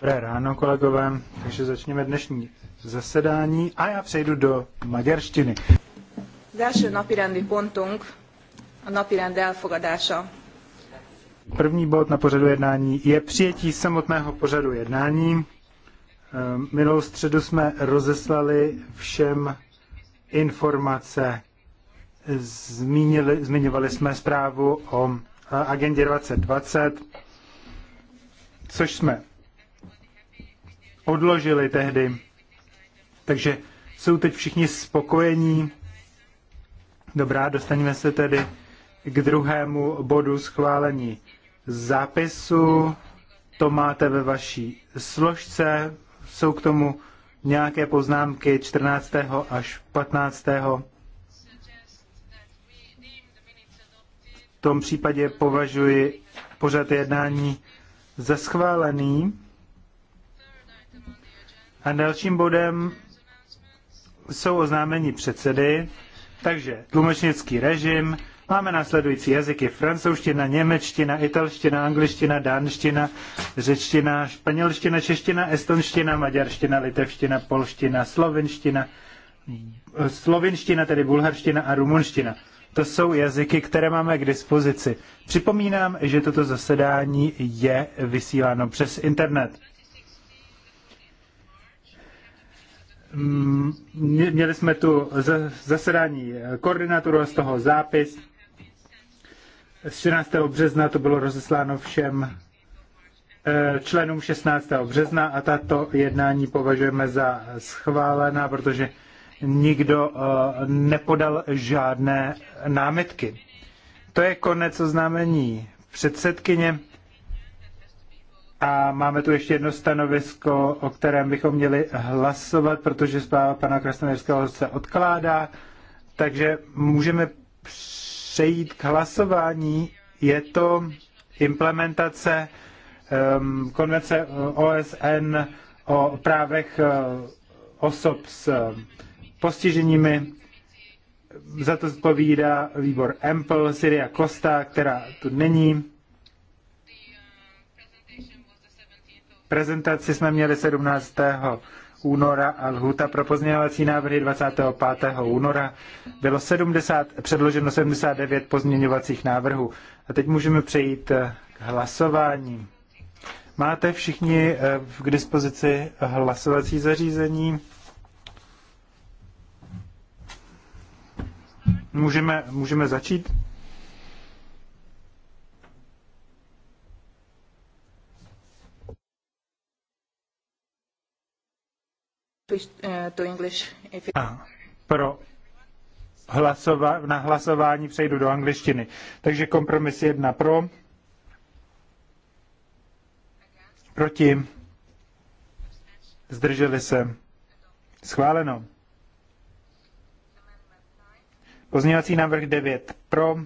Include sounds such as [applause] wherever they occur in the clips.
Dobré ráno, kolegové, takže začněme dnešní zasedání a já přejdu do maďarštiny. Az napirendi pontunk a napirend elfogadása. První bod na pořadu jednání je přijetí samotného pořadu jednání. Ehm, minulou středu jsme rozeslali všem informace. Zmínili, zmiňovali jsme zprávu o eh, agendě 2020 což jsme odložili tehdy. Takže jsou teď všichni spokojení. Dobrá, dostaneme se tedy k druhému bodu schválení zápisu. To máte ve vaší složce. Jsou k tomu nějaké poznámky 14. až 15. V tom případě považuji pořad jednání ze schválený. A dalším bodem jsou oznámení předsedy. Takže tlumočnický režim. Máme následující jazyky. Francouzština, němečtina, italština, angličtina, dánština, řečtina, španělština, čeština, estonština, maďarština, litevština, polština, slovenština, slovinština, tedy bulharština a rumunština. To jsou jazyky, které máme k dispozici. Připomínám, že toto zasedání je vysíláno přes internet. Mm, měli jsme tu zasedání koordinátorů a z toho zápis. Z března to bylo rozesláno všem eh, členům 16. března a tato jednání považujeme za schválená, protože nikdo eh, nepodal žádné námitky. To je konec oznámení předsedkyně. A máme tu ještě jedno stanovisko, o kterém bychom měli hlasovat, protože zpráva pana Krasnověrského se odkládá. Takže můžeme přejít k hlasování. Je to implementace um, konvence OSN o právech uh, osob s postiženími. Za to zpovídá výbor Empl, Syria Costa, která tu není. Prezentaci jsme měli 17. února a lhuta pro pozměňovací návrhy 25. února. Bylo 70, předloženo 79 pozměňovacích návrhů. A teď můžeme přejít eh, k hlasování. Máte všichni eh, k dispozici hlasovací zařízení? Můžeme, můžeme začít? Uh, to English, if A pro hlasova- na hlasování přejdu do angličtiny. Takže kompromis jedna pro, proti, zdrželi se, schváleno. Pozměňovací návrh 9 pro,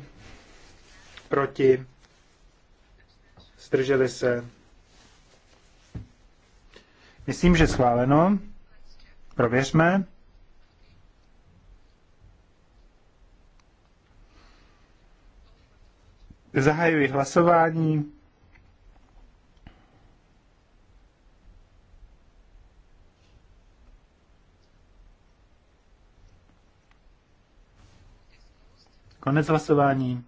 proti, zdrželi se. Myslím, že schváleno. Prověřme. Zahajuji hlasování. Konec hlasování.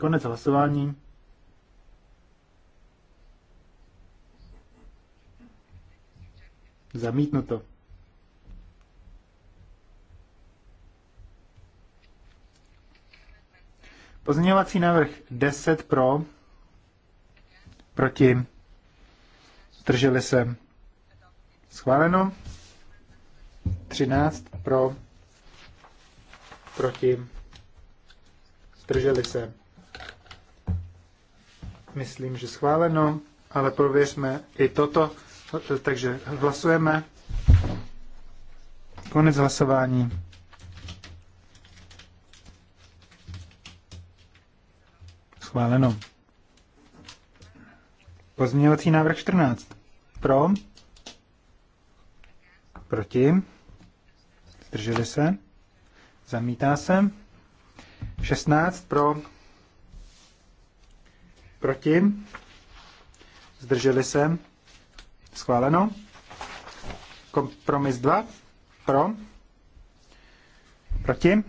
Konec hlasování. Zamítnuto. Pozměňovací návrh 10 pro, proti, drželi se. Schváleno. 13 pro, proti, zdrželi se. Myslím, že schváleno, ale prověřme i toto. Takže hlasujeme. Konec hlasování. Schváleno. Pozměňovací návrh 14. Pro. Proti. Zdrželi se. Zamítá se. 16 pro. Proti. Zdrželi se. Schváleno. Kompromis 2. Pro. Proti.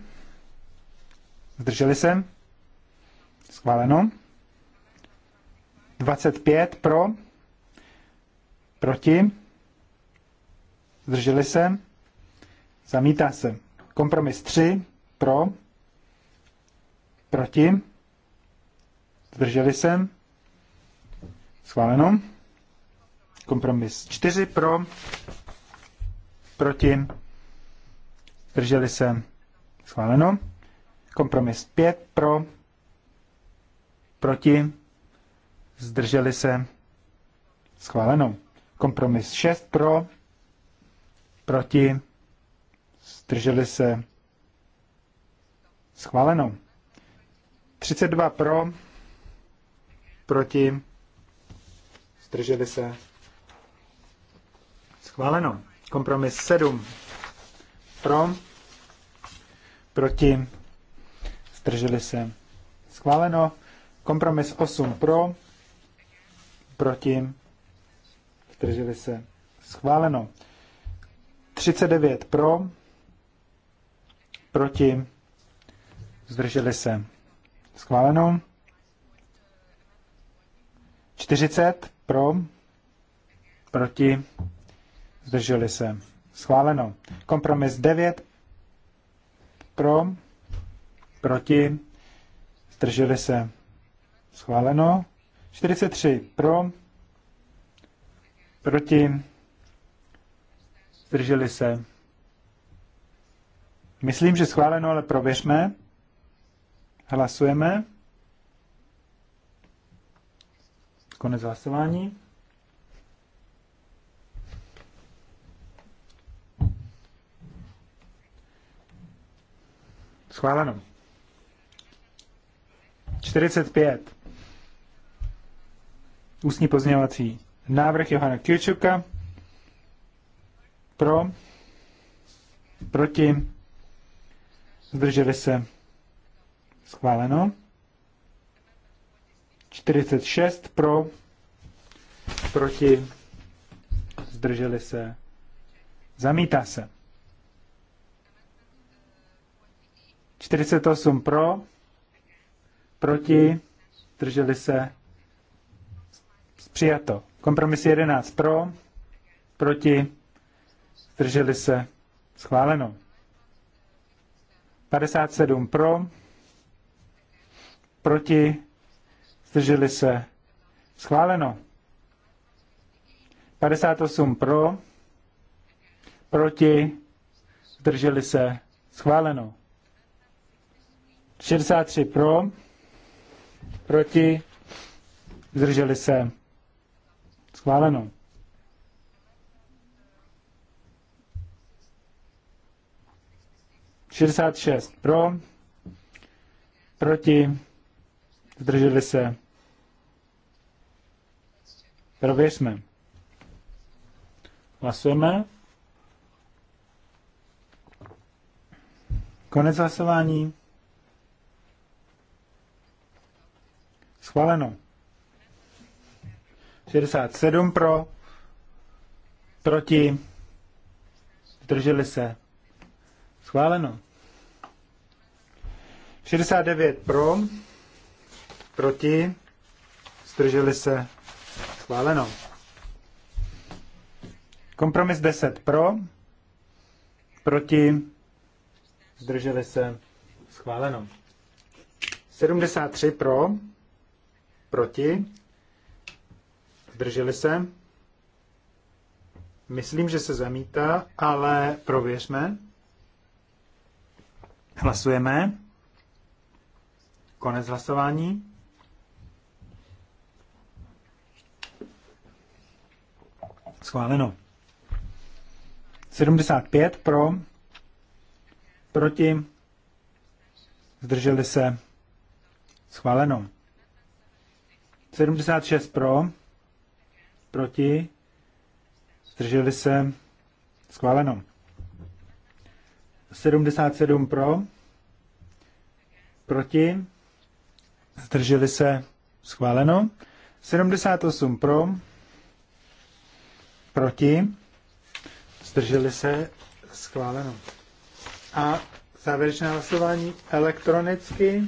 Zdrželi se. Schváleno. 25 pro. Proti. Zdrželi se. Zamítá se. Kompromis 3 pro, proti, zdrželi se, schváleno. Kompromis 4 pro, proti, zdrželi se, schváleno. Kompromis 5 pro, proti, zdrželi se, schváleno. Kompromis 6 pro, proti, zdrželi se, schváleno zdrželi se schváleno. 32 pro, proti, zdrželi se schváleno. Kompromis 7 pro, proti, zdrželi se schváleno. Kompromis 8 pro, proti, zdrželi se schváleno. 39 pro, proti, zdrželi se. Schváleno. 40 pro, proti, zdrželi se. Schváleno. Kompromis 9 pro, proti, zdrželi se. Schváleno. 43 pro, proti, zdrželi se. Myslím, že schváleno, ale prověřme. Hlasujeme. Konec hlasování. Schváleno. 45. Ústní pozměňovací návrh Johana Kirčuka. Pro. Proti Zdrželi se. Schváleno. 46 pro. Proti. Zdrželi se. Zamítá se. 48 pro. Proti. Zdrželi se. Přijato. Kompromis 11 pro. Proti. Zdrželi se. Schváleno. 57 pro, proti, zdrželi se, schváleno. 58 pro, proti, zdrželi se, schváleno. 63 pro, proti, zdrželi se, schváleno. 66 pro, proti, zdrželi se. Prověřme. Hlasujeme. Konec hlasování. Schváleno. 67 pro, proti, zdrželi se. Schváleno. 69 pro, proti, zdrželi se, schváleno. Kompromis 10 pro, proti, zdrželi se, schváleno. 73 pro, proti, zdrželi se. Myslím, že se zamítá, ale prověřme. Hlasujeme. Konec hlasování. Schváleno. 75 pro, proti, zdrželi se, schváleno. 76 pro, proti, zdrželi se, schváleno. 77 pro, proti, zdrželi se, schváleno. 78 pro, proti, zdrželi se, schváleno. A závěrečné hlasování elektronicky.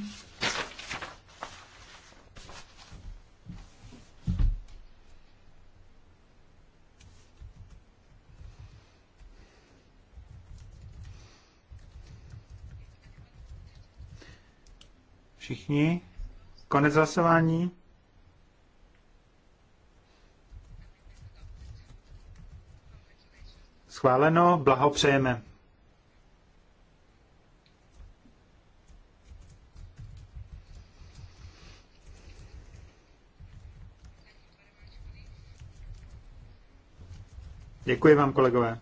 Všichni Konec hlasování. Schváleno, blahopřejeme. Děkuji vám, kolegové.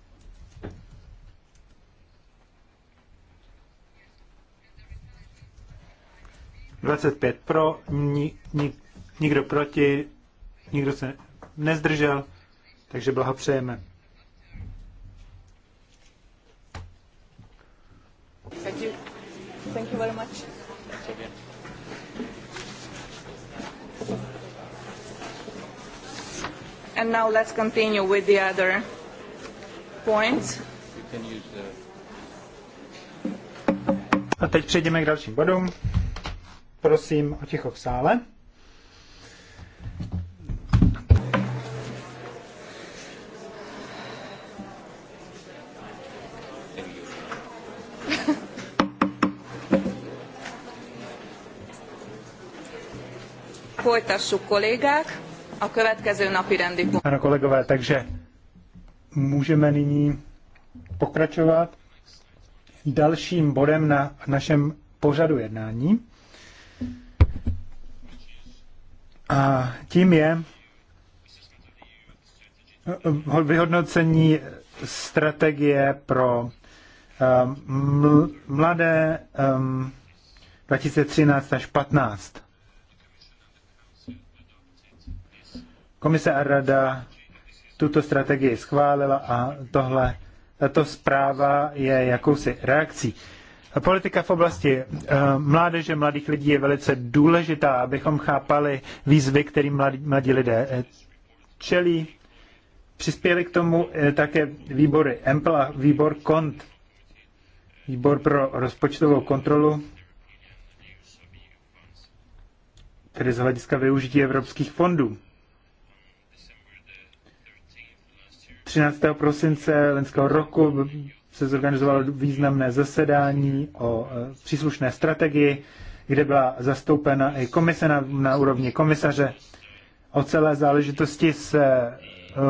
25 pro, ni, ni, nikdo proti, nikdo se nezdržel, takže blahopřejeme. Thank you. Thank you very much. And now let's continue with the other points. A teď přejdeme k dalším bodům. Prosím o ticho v sále. Folytassuk kolegák a következő napi rendi pont. Ano kolegové, takže můžeme nyní pokračovat dalším bodem na našem pořadu jednání. A tím je vyhodnocení strategie pro um, mladé 2013 um, až 15. Komise a rada tuto strategii schválila a tohle, tato zpráva je jakousi reakcí. Politika v oblasti eh, mládeže, mladých lidí je velice důležitá, abychom chápali výzvy, kterým mladí, mladí lidé eh, čelí. Přispěli k tomu eh, také výbory EMPL a výbor KONT, výbor pro rozpočtovou kontrolu, tedy z hlediska využití evropských fondů. 13. prosince lenského roku se zorganizovalo významné zasedání o e, příslušné strategii, kde byla zastoupena i komise na, na úrovni komisaře. O celé záležitosti se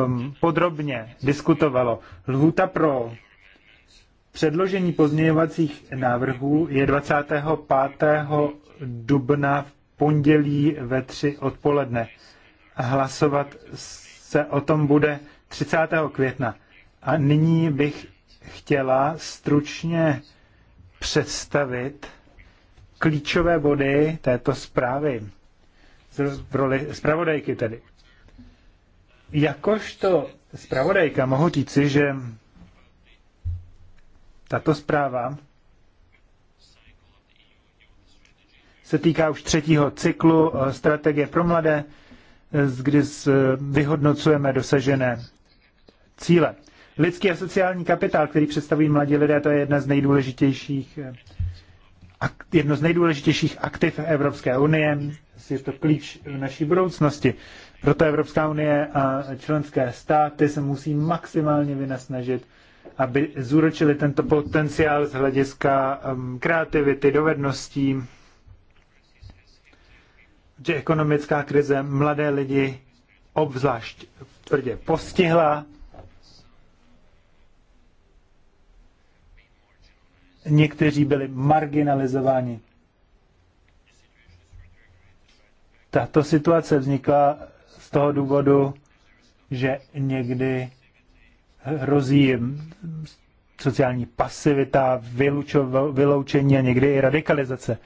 um, podrobně diskutovalo. Lhůta pro předložení pozměňovacích návrhů je 25. dubna v pondělí ve 3 odpoledne. Hlasovat se o tom bude 30. května. A nyní bych chtěla stručně představit klíčové body této zprávy. V roli zpravodajky tedy. Jakožto zpravodajka mohu říci, že tato zpráva se týká už třetího cyklu eh, strategie pro mladé, eh, kdy vyhodnocujeme dosažené cíle. Lidský a sociální kapitál, který představují mladí lidé, to je jedna z nejdůležitějších jedno z nejdůležitějších aktiv Evropské unie, je to klíč v naší budoucnosti. Proto Evropská unie a členské státy se musí maximálně vynasnažit, aby zúročili tento potenciál z hlediska um, kreativity, dovedností, že ekonomická krize mladé lidi obzvlášť tvrdě postihla někteří byli marginalizováni. Tato situace vznikla z toho důvodu, že někdy hrozí sociální pasivita, vyloučení a někdy i radikalizace.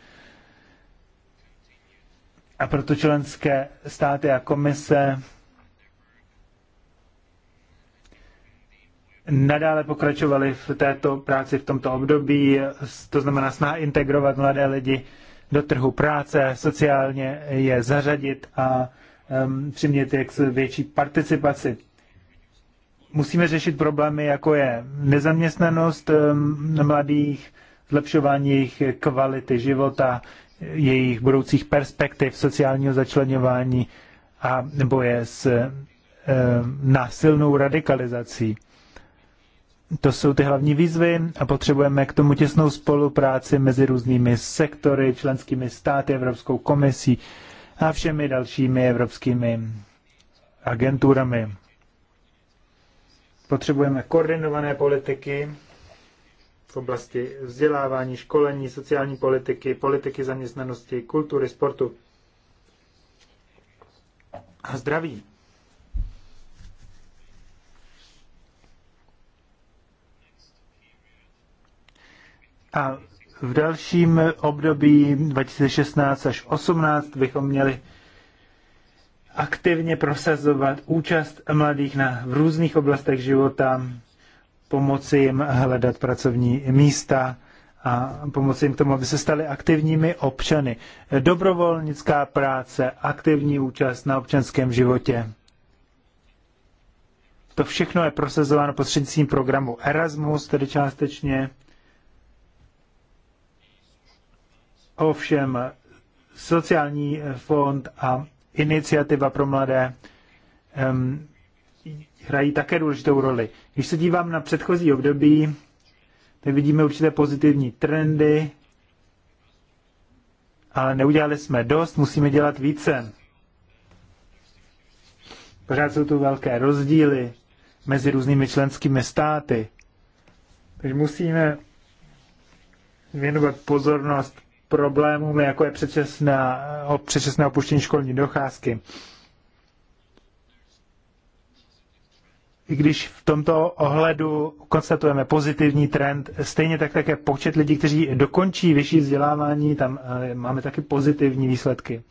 A proto členské státy a komise nadále pokračovali v této práci v tomto období, to znamená snaha integrovat mladé lidi do trhu práce, sociálně je zařadit a um, přimět je k větší participaci. Musíme řešit problémy, jako je nezaměstnanost um, mladých, zlepšování jejich kvality života, jejich budoucích perspektiv, sociálního začlenování a boje s e, násilnou radikalizací to jsou ty hlavní výzvy a potřebujeme k tomu těsnou spolupráci mezi různými sektory, členskými státy, Evropskou komisí a všemi dalšími evropskými agenturami. Potřebujeme koordinované politiky v oblasti vzdělávání, školení, sociální politiky, politiky zaměstnanosti, kultury, sportu a zdraví. A v dalším období 2016 až 2018 bychom měli aktivně prosazovat účast mladých na, v různých oblastech života, pomoci jim hledat pracovní místa a pomoci jim k tomu, aby se stali aktivními občany. Dobrovolnická práce, aktivní účast na občanském životě. To všechno je prosazováno prostřednictvím programu Erasmus, tedy částečně Ovšem sociální fond a iniciativa pro mladé um, hrají také důležitou roli. Když se dívám na předchozí období, tak vidíme určité pozitivní trendy, ale neudělali jsme dost, musíme dělat více. Pořád jsou tu velké rozdíly mezi různými členskými státy. Takže musíme věnovat pozornost problémům, jako je předčasná, předčasné opuštění školní docházky. I když v tomto ohledu konstatujeme pozitivní trend, stejně tak také počet lidí, kteří dokončí vyšší vzdělávání, tam eh, máme taky pozitivní výsledky.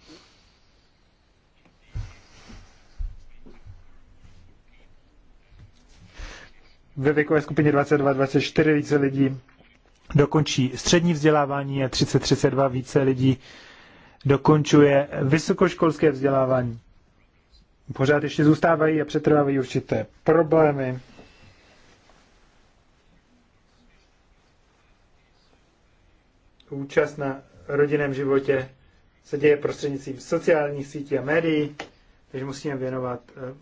Ve věkové skupině 22-24 více lidí dokončí střední vzdělávání a 30-32 více lidí dokončuje vysokoškolské vzdělávání. Pořád ještě zůstávají a přetrvávají určité problémy. Účast na rodinném životě se děje prostřednictvím sociálních sítí a médií, takže musíme věnovat eh,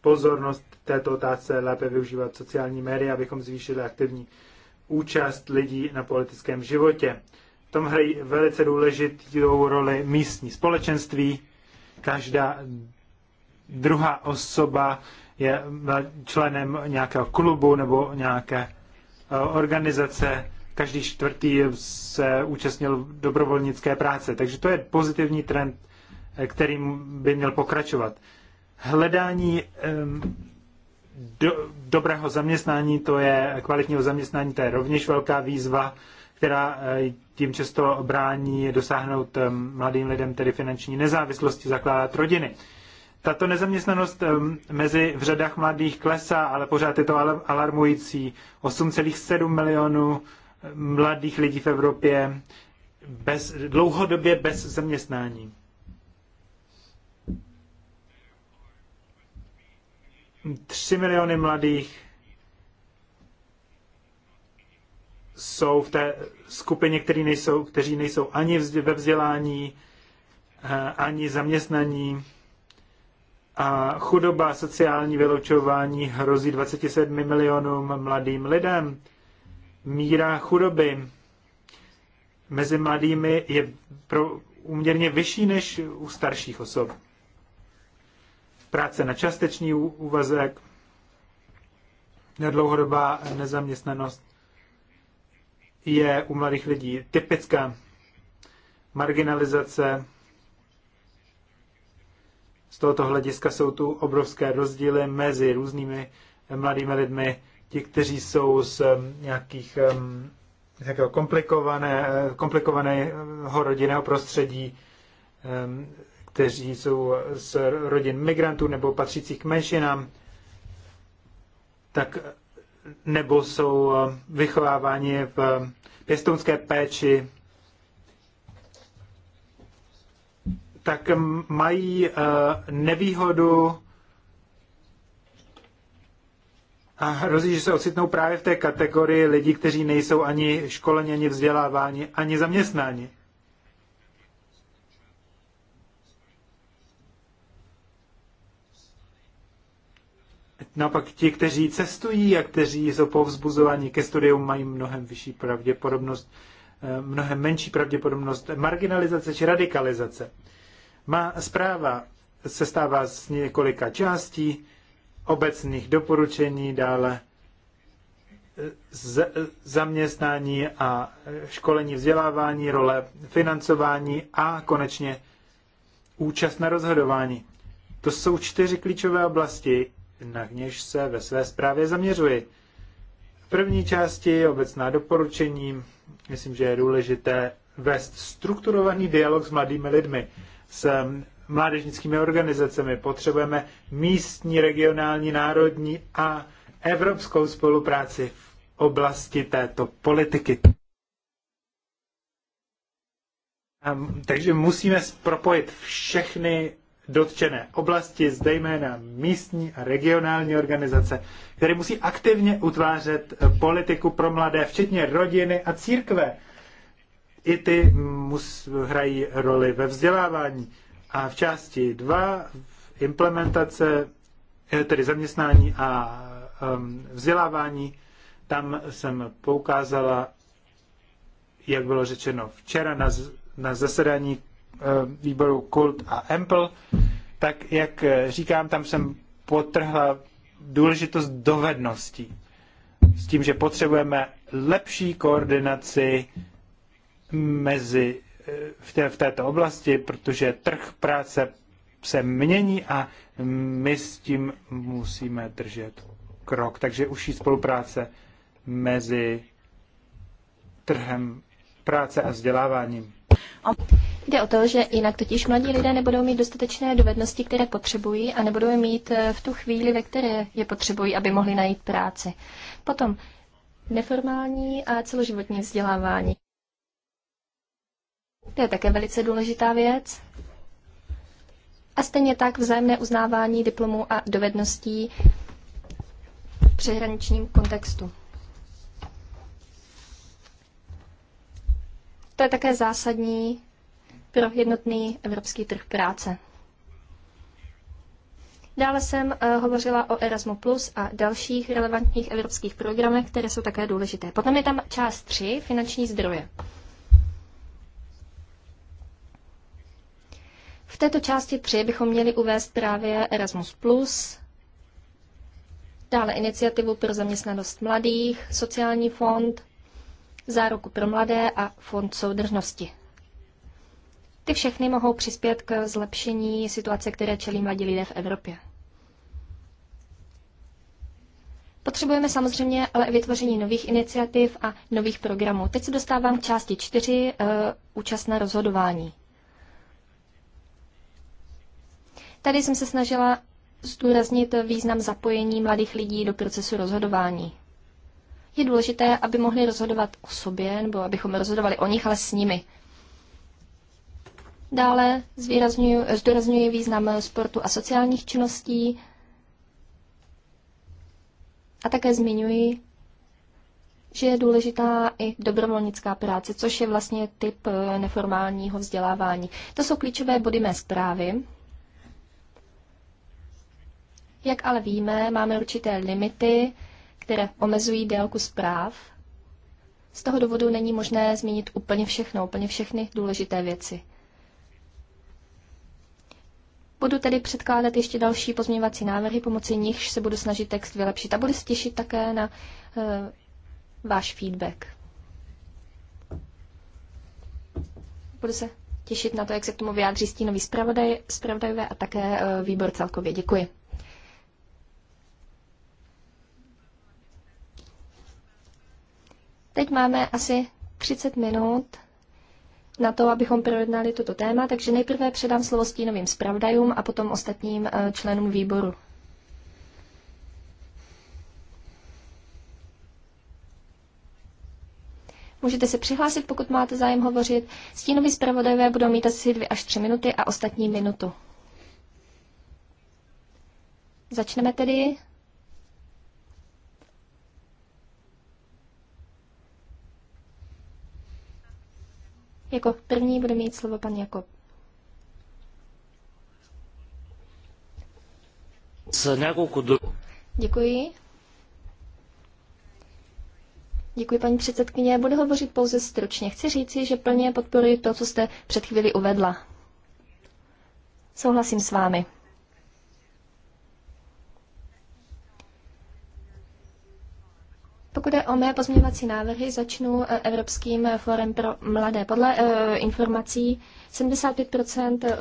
pozornost této otázce, lépe využívat sociální média, abychom zvýšili aktivní účast lidí na politickém životě. V tom hrají velice důležitou roli místní společenství. Každá druhá osoba je členem nějakého klubu nebo nějaké eh, organizace. Každý čtvrtý se účastnil dobrovolnické práce. Takže to je pozitivní trend, eh, kterým by měl pokračovat. Hledání do, dobrého zaměstnání, to je kvalitního zaměstnání, to je rovněž velká výzva, která eh, tím často brání dosáhnout eh, mladým lidem tedy finanční nezávislosti, zakládat rodiny. Tato nezaměstnanost eh, mezi v řadách mladých klesá, ale pořád je to alarmující. 8,7 milionů mladých lidí v Evropě bez, dlouhodobě bez zaměstnání. 3 miliony mladých jsou v té skupině, kteří nejsou, kteří nejsou ani ve vzdělání, eh, ani zaměstnaní. A chudoba, sociální vyloučování hrozí 27 milionům mladým lidem. Míra chudoby mezi mladými je pro uměrně vyšší než u starších osob práce na částečný úvazek, nedlouhodobá nezaměstnanost je u mladých lidí typická marginalizace. Z tohoto hlediska jsou tu obrovské rozdíly mezi různými mladými lidmi, ti, kteří jsou z nějakých z komplikované, eh, komplikovaného rodinného prostředí, kteří jsou z rodin migrantů nebo patřících k menšinám, tak nebo jsou eh, vychováváni v eh, pěstounské péči, tak mají eh, nevýhodu a hrozí, že se ocitnou právě v té kategorii lidí, kteří nejsou ani školeni, ani vzděláváni, ani zaměstnáni. naopak ti, kteří cestují a kteří jsou povzbuzováni ke studiu, mají mnohem vyšší pravděpodobnost, eh, mnohem menší pravděpodobnost marginalizace či radikalizace. Má zpráva se stává z několika částí, obecných doporučení, dále eh, z, zaměstnání a eh, školení vzdělávání, role financování a konečně účast na rozhodování. To jsou čtyři klíčové oblasti, na něž se ve své zprávě zaměřuji. V první části obecná doporučení. Myslím, že je důležité vést strukturovaný dialog s mladými lidmi, s um, mládežnickými organizacemi. Potřebujeme místní, regionální, národní a evropskou spolupráci v oblasti této politiky. Ehm, takže musíme propojit všechny dotčené oblasti, zejména místní a regionální organizace, které musí aktivně utvářet eh, politiku pro mladé, včetně rodiny a církve. I ty mus, hrají roli ve vzdělávání. A v části 2 implementace, eh, tedy zaměstnání a ehm, vzdělávání, tam jsem poukázala, jak bylo řečeno včera na, na zasedání Eh, výboru Kult a Ample, tak jak eh, říkám, tam jsem potrhla důležitost dovedností. S tím, že potřebujeme lepší koordinaci mezi eh, v, té, v této oblasti, protože trh práce se mění a my s tím musíme držet krok. Takže užší spolupráce mezi trhem práce a vzděláváním. Jde o to, že jinak totiž mladí lidé nebudou mít dostatečné dovednosti, které potřebují a nebudou je mít eh, v tu chvíli, ve které je potřebují, aby mohli najít práci. Potom neformální a celoživotní vzdělávání. To je také velice důležitá věc. A stejně tak vzájemné uznávání diplomů a dovedností v přehraničním kontextu. To je také zásadní pro jednotný evropský trh práce. Dále jsem eh, hovořila o Erasmu Plus a dalších relevantních evropských programech, které jsou také důležité. Potom je tam část 3, finanční zdroje. V této části 3 bychom měli uvést právě Erasmus+, Plus, dále iniciativu pro zaměstnanost mladých, sociální fond, záruku pro mladé a fond soudržnosti. Ty všechny mohou přispět k zlepšení situace, které čelí mladí lidé v Evropě. Potřebujeme samozřejmě ale i vytvoření nových iniciativ a nových programů. Teď se dostávám k části čtyři e, účast na rozhodování. Tady jsem se snažila zdůraznit význam zapojení mladých lidí do procesu rozhodování. Je důležité, aby mohli rozhodovat o sobě, nebo abychom rozhodovali o nich, ale s nimi. Dále zdůrazňuje význam sportu a sociálních činností a také zmiňuji, že je důležitá i dobrovolnická práce, což je vlastně typ eh, neformálního vzdělávání. To jsou klíčové body mé zprávy. Jak ale víme, máme určité limity, které omezují délku zpráv. Z toho důvodu není možné zmínit úplně všechno, úplně všechny důležité věci. Budu tedy předkládat ještě další pozměňovací návrhy, pomocí nichž se budu snažit text vylepšit a budu se těšit také na uh, váš feedback. Budu se těšit na to, jak se k tomu vyjádří stínový zpravodaj, zpravodajové a také uh, výbor celkově. Děkuji. Teď máme asi 30 minut na to, abychom projednali toto téma, takže nejprve předám slovo stínovým zpravdajům a potom ostatním eh, členům výboru. Můžete se přihlásit, pokud máte zájem hovořit. Stínoví zpravodajové budou mít asi dvě až tři minuty a ostatní minutu. Začneme tedy Jako první bude mít slovo pan Jakob. Za Děkuji. Děkuji, paní předsedkyně. Budu hovořit pouze stručně. Chci říci, že plně podporuji to, co jste před chvíli uvedla. Souhlasím s vámi. Pokud je o mé pozměňovací návrhy, začnu eh, Evropským eh, fórem pro mladé. Podle eh, informací 75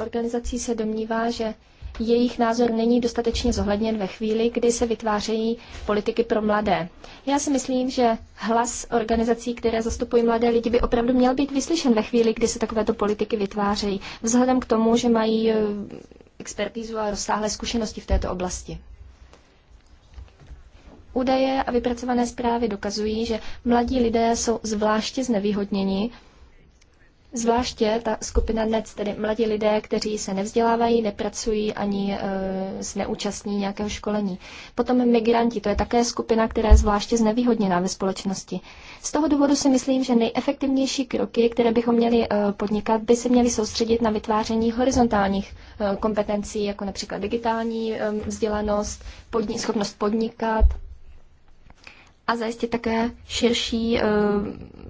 organizací se domnívá, že jejich názor není dostatečně zohledněn ve chvíli, kdy se vytvářejí politiky pro mladé. Já si myslím, že hlas organizací, které zastupují mladé lidi, by opravdu měl být vyslyšen ve chvíli, kdy se takovéto politiky vytvářejí, vzhledem k tomu, že mají expertízu a rozsáhlé zkušenosti v této oblasti. Údaje a vypracované zprávy dokazují, že mladí lidé jsou zvláště znevýhodněni, zvláště ta skupina NEC, tedy mladí lidé, kteří se nevzdělávají, nepracují ani e, se neúčastní nějakého školení. Potom migranti, to je také skupina, která je zvláště znevýhodněná ve společnosti. Z toho důvodu si myslím, že nejefektivnější kroky, které bychom měli e, podnikat, by se měly soustředit na vytváření horizontálních e, kompetencí, jako například digitální e, vzdělanost, podni- schopnost podnikat, a zajistit také širší e,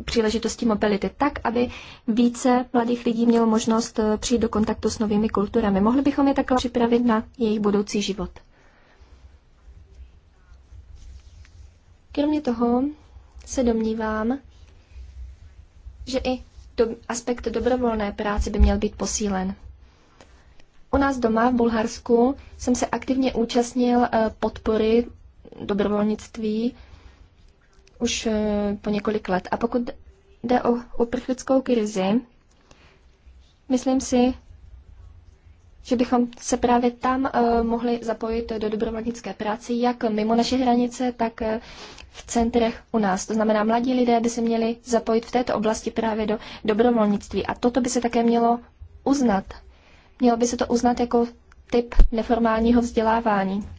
příležitosti mobility, tak, aby více mladých lidí mělo možnost eh, přijít do kontaktu s novými kulturami. Mohli bychom je takhle připravit na jejich budoucí život. Kromě toho se domnívám, že i do, aspekt dobrovolné práce by měl být posílen. U nás doma v Bulharsku jsem se aktivně účastnil eh, podpory dobrovolnictví už eh, po několik let. A pokud jde o uprchlickou krizi, myslím si, že bychom se právě tam eh, mohli zapojit do dobrovolnické práce, jak mimo naše hranice, tak eh, v centrech u nás. To znamená, mladí lidé by se měli zapojit v této oblasti právě do dobrovolnictví. A toto by se také mělo uznat. Mělo by se to uznat jako typ neformálního vzdělávání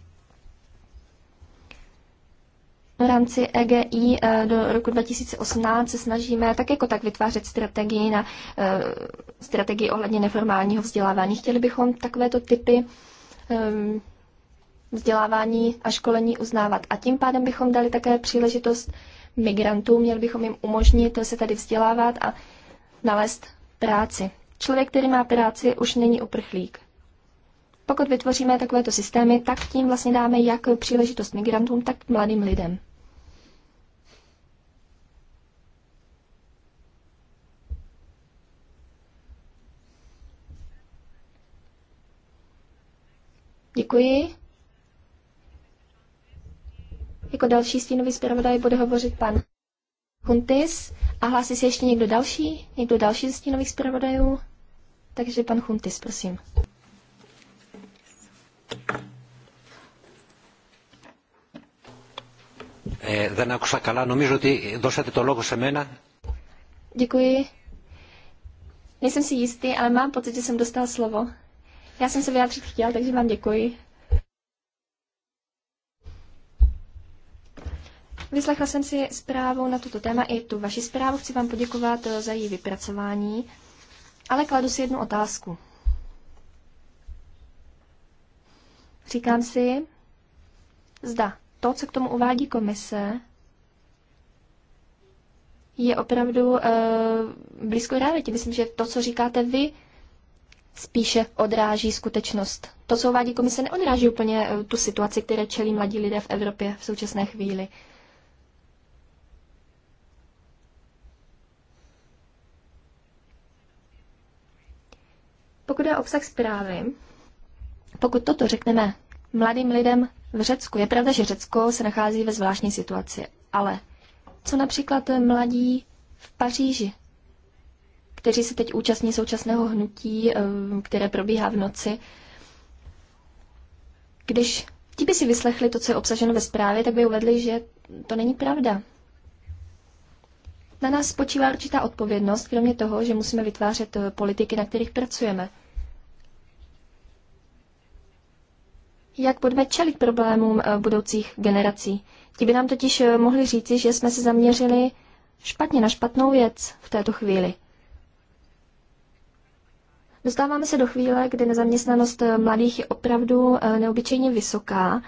v rámci EGI eh, do roku 2018 se snažíme tak jako tak vytvářet strategii na eh, strategii ohledně neformálního vzdělávání. Chtěli bychom takovéto typy eh, vzdělávání a školení uznávat. A tím pádem bychom dali také příležitost migrantům, měli bychom jim umožnit se tady vzdělávat a nalézt práci. Člověk, který má práci, už není uprchlík. Pokud vytvoříme takovéto systémy, tak tím vlastně dáme jak příležitost migrantům, tak mladým lidem. Děkuji. Jako další stínový zpravodaj bude hovořit pan Huntis. A hlásí se ještě někdo další? Někdo další ze stínových zpravodajů? Takže pan Huntis, prosím. Δεν άκουσα καλά. Νομίζω ότι δώσατε το λόγο σε μένα. Děkuji. Nejsem si jistý, ale mám pocit, že jsem dostal slovo. Já jsem se vyjádřit chtěl, takže vám děkuji. Vyslechla jsem si zprávu na toto téma i tu vaši zprávu. Chci vám poděkovat eh, za její vypracování, ale kladu si jednu otázku. Říkám si, zda to, co k tomu uvádí komise, je opravdu uh, blízko realitě. Myslím, že to, co říkáte vy, spíše odráží skutečnost. To, co uvádí komise, neodráží úplně eh, tu situaci, které čelí mladí lidé v Evropě v současné chvíli. Pokud je obsah zprávy, pokud toto řekneme mladým lidem v Řecku, je pravda, že Řecko se nachází ve zvláštní situaci, ale co například mladí v Paříži kteří se teď účastní současného hnutí, eh, které probíhá v noci. Když ti by si vyslechli to, co je obsaženo ve zprávě, tak by uvedli, že to není pravda. Na nás spočívá určitá odpovědnost, kromě toho, že musíme vytvářet eh, politiky, na kterých pracujeme. Jak budeme čelit problémům eh, budoucích generací? Ti by nám totiž mohli říci, že jsme se zaměřili špatně na špatnou věc v této chvíli. Dostáváme se do chvíle, kdy nezaměstnanost mladých je opravdu eh, neobyčejně vysoká.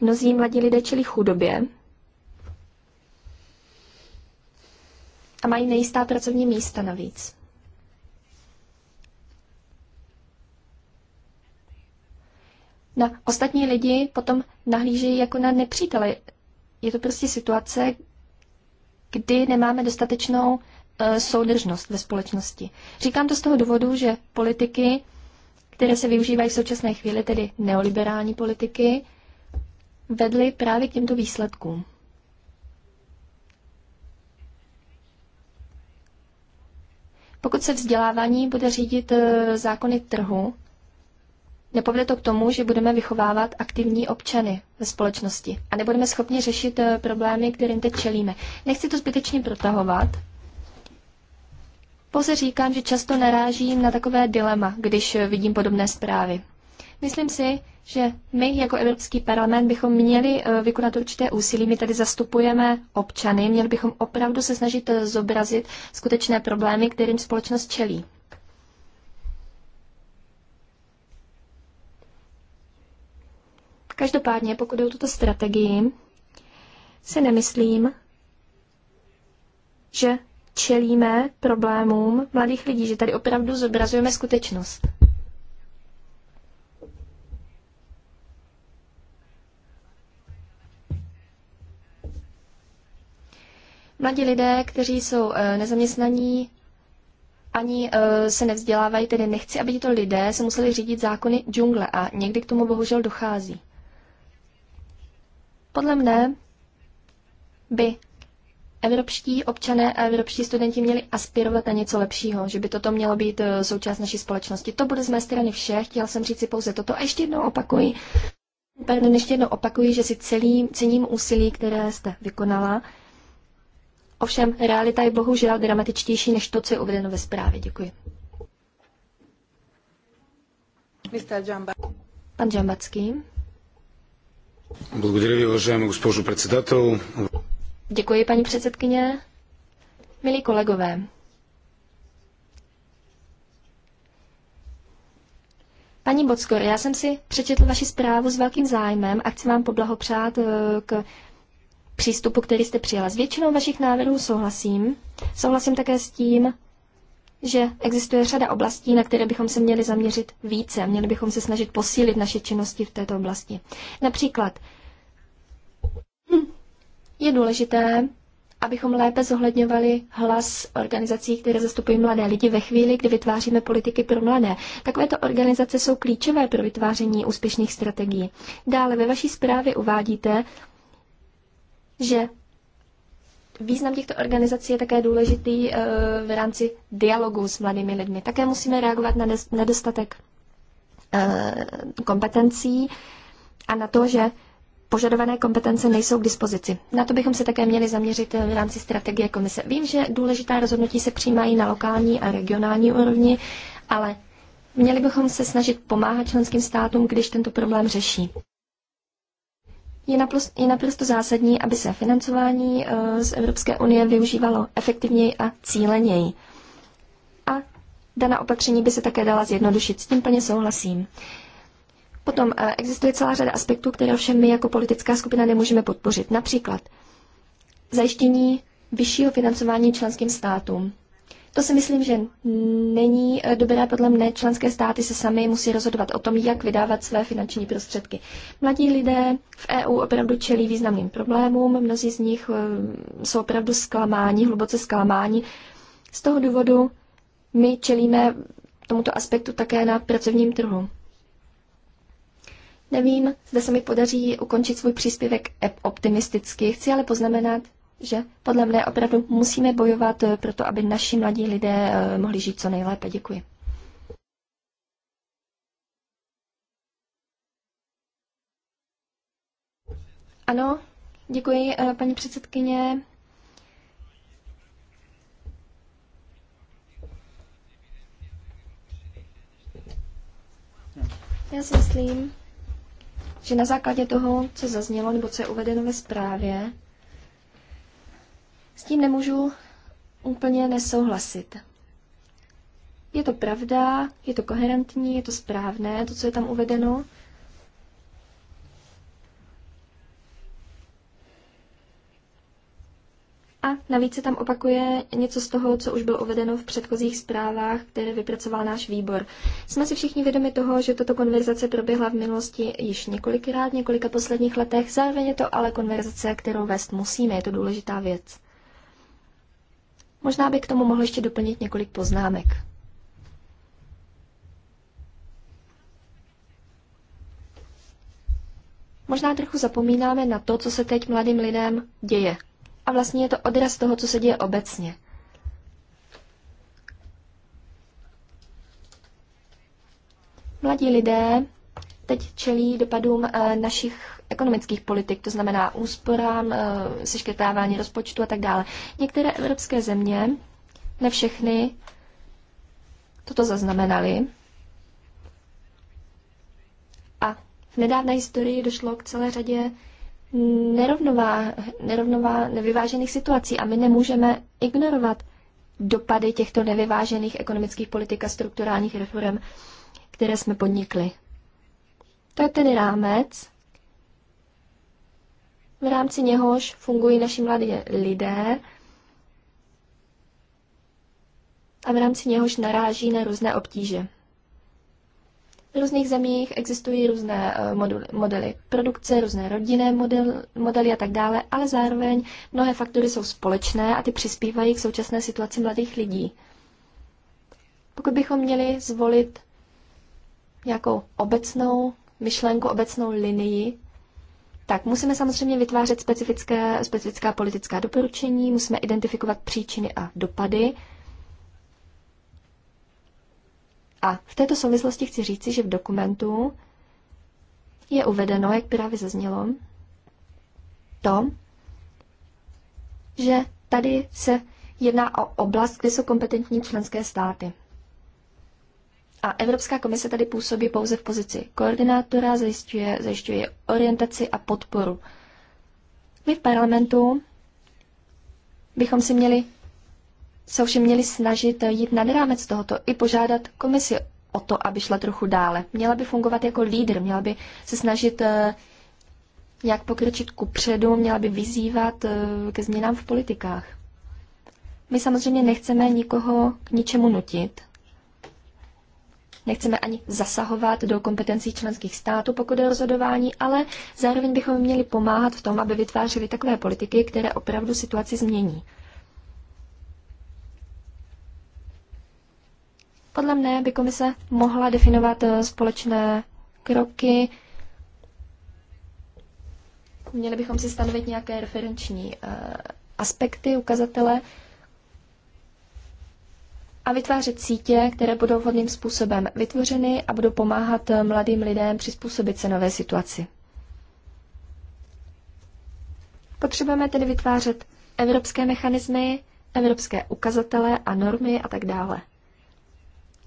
Mnozí mladí lidé čelí chudobě a mají nejistá pracovní místa navíc. Na ostatní lidi potom nahlížejí jako na nepřítele. Je to prostě situace, kdy nemáme dostatečnou E, soudržnost ve společnosti. Říkám to z toho důvodu, že politiky, které se využívají v současné chvíli, tedy neoliberální politiky, vedly právě k těmto výsledkům. Pokud se vzdělávání bude řídit e, zákony trhu, nepovede to k tomu, že budeme vychovávat aktivní občany ve společnosti a nebudeme schopni řešit e, problémy, kterým teď čelíme. Nechci to zbytečně protahovat, pouze říkám, že často narážím na takové dilema, když vidím podobné zprávy. Myslím si, že my jako Evropský parlament bychom měli eh, vykonat určité úsilí. My tady zastupujeme občany, měli bychom opravdu se snažit eh, zobrazit skutečné problémy, kterým společnost čelí. Každopádně, pokud je o tuto strategii, si nemyslím, že čelíme problémům mladých lidí, že tady opravdu zobrazujeme skutečnost. Mladí lidé, kteří jsou eh, nezaměstnaní, ani eh, se nevzdělávají, tedy nechci, aby tito lidé se museli řídit zákony džungle a někdy k tomu bohužel dochází. Podle mne by evropští občané a evropští studenti měli aspirovat na něco lepšího, že by toto mělo být eh, součást naší společnosti. To bude z mé strany vše, chtěl jsem říct si pouze toto a ještě jednou opakuji, pardon, ještě jednou opakuji, že si celým, cením úsilí, které jste vykonala, Ovšem, realita je bohužel dramatičtější než to, co je uvedeno ve zprávě. Děkuji. Pan Džambacký. Благодаря ви, уважаема госпожо председател. Děkuji, paní předsedkyně. Milí kolegové, Paní Bocko, já jsem si přečetl vaši zprávu s velkým zájmem a chci vám poblahopřát eh, k přístupu, který jste přijala. S většinou vašich návrhů souhlasím. Souhlasím také s tím, že existuje řada oblastí, na které bychom se měli zaměřit více. Měli bychom se snažit posílit naše činnosti v této oblasti. Například je důležité, abychom lépe zohledňovali hlas organizací, které zastupují mladé lidi ve chvíli, kdy vytváříme politiky pro mladé. Takovéto organizace jsou klíčové pro vytváření úspěšných strategií. Dále ve vaší zprávě uvádíte, že význam těchto organizací je také důležitý eh, v rámci dialogu s mladými lidmi. Také musíme reagovat na nedostatek eh, kompetencí a na to, že požadované kompetence nejsou k dispozici. Na to bychom se také měli zaměřit v rámci strategie komise. Vím, že důležitá rozhodnutí se přijímají na lokální a regionální úrovni, ale měli bychom se snažit pomáhat členským státům, když tento problém řeší. Je naprosto, je naprosto zásadní, aby se financování eh, z Evropské unie využívalo efektivněji a cíleněji. A daná opatření by se také dala zjednodušit. S tím plně souhlasím. Potom eh, existuje celá řada aspektů, které ovšem my jako politická skupina nemůžeme podpořit. Například zajištění vyššího financování členským státům. To si myslím, že není eh, dobré. Podle mne členské státy se sami musí rozhodovat o tom, jak vydávat své finanční prostředky. Mladí lidé v EU opravdu čelí významným problémům. Mnozí z nich eh, jsou opravdu zklamáni, hluboce zklamáni. Z toho důvodu my čelíme tomuto aspektu také na pracovním trhu. Nevím, zda se mi podaří ukončit svůj příspěvek e- optimisticky. Chci ale poznamenat, že podle mne opravdu musíme bojovat eh, pro to, aby naši mladí lidé eh, mohli žít co nejlépe. Děkuji. Ano, děkuji, eh, paní předsedkyně. Já si myslím, že na základě toho, co zaznělo nebo co je uvedeno ve zprávě, s tím nemůžu úplně nesouhlasit. Je to pravda, je to koherentní, je to správné, to, co je tam uvedeno, A navíc se tam opakuje něco z toho, co už bylo uvedeno v předchozích zprávách, které vypracoval náš výbor. Jsme si všichni vědomi toho, že tato konverzace proběhla v minulosti již několikrát, několika posledních letech. Zároveň je to ale konverzace, kterou vést musíme, je to důležitá věc. Možná by k tomu mohl ještě doplnit několik poznámek. Možná trochu zapomínáme na to, co se teď mladým lidem děje a vlastně je to odraz toho, co se děje obecně. Mladí lidé teď čelí dopadům eh, našich ekonomických politik, to znamená úsporám, eh, seškrtávání rozpočtu a tak dále. Některé evropské země, ne všechny, toto zaznamenaly. A v nedávné historii došlo k celé řadě nerovnová, nerovnová, nevyvážených situací a my nemůžeme ignorovat dopady těchto nevyvážených ekonomických politik a strukturálních reform, které jsme podnikli. To je tedy rámec, v rámci něhož fungují naši mladí lidé a v rámci něhož naráží na různé obtíže. V různých zemích existují různé eh, modely, modely produkce, různé rodinné model, modely a tak dále, ale zároveň mnohé faktory jsou společné a ty přispívají k současné situaci mladých lidí. Pokud bychom měli zvolit nějakou obecnou myšlenku, obecnou linii, tak musíme samozřejmě vytvářet specifické, specifická politická doporučení, musíme identifikovat příčiny a dopady, a v této souvislosti chci říci, že v dokumentu je uvedeno, jak právě zaznělo, to, že tady se jedná o oblast, kde jsou kompetentní členské státy. A Evropská komise tady působí pouze v pozici koordinátora, zajišťuje, zajišťuje orientaci a podporu. My v parlamentu bychom si měli se ovšem měli snažit jít nad rámec tohoto i požádat komisi o to, aby šla trochu dále. Měla by fungovat jako lídr, měla by se snažit eh, nějak pokročit ku předu, měla by vyzývat eh, ke změnám v politikách. My samozřejmě nechceme nikoho k ničemu nutit. Nechceme ani zasahovat do kompetencí členských států, pokud je rozhodování, ale zároveň bychom měli pomáhat v tom, aby vytvářeli takové politiky, které opravdu situaci změní. Podle mne by komise mohla definovat eh, společné kroky. Měli bychom si stanovit nějaké referenční eh, aspekty, ukazatele a vytvářet sítě, které budou vhodným způsobem vytvořeny a budou pomáhat eh, mladým lidem přizpůsobit se nové situaci. Potřebujeme tedy vytvářet evropské mechanismy, evropské ukazatele a normy a tak dále.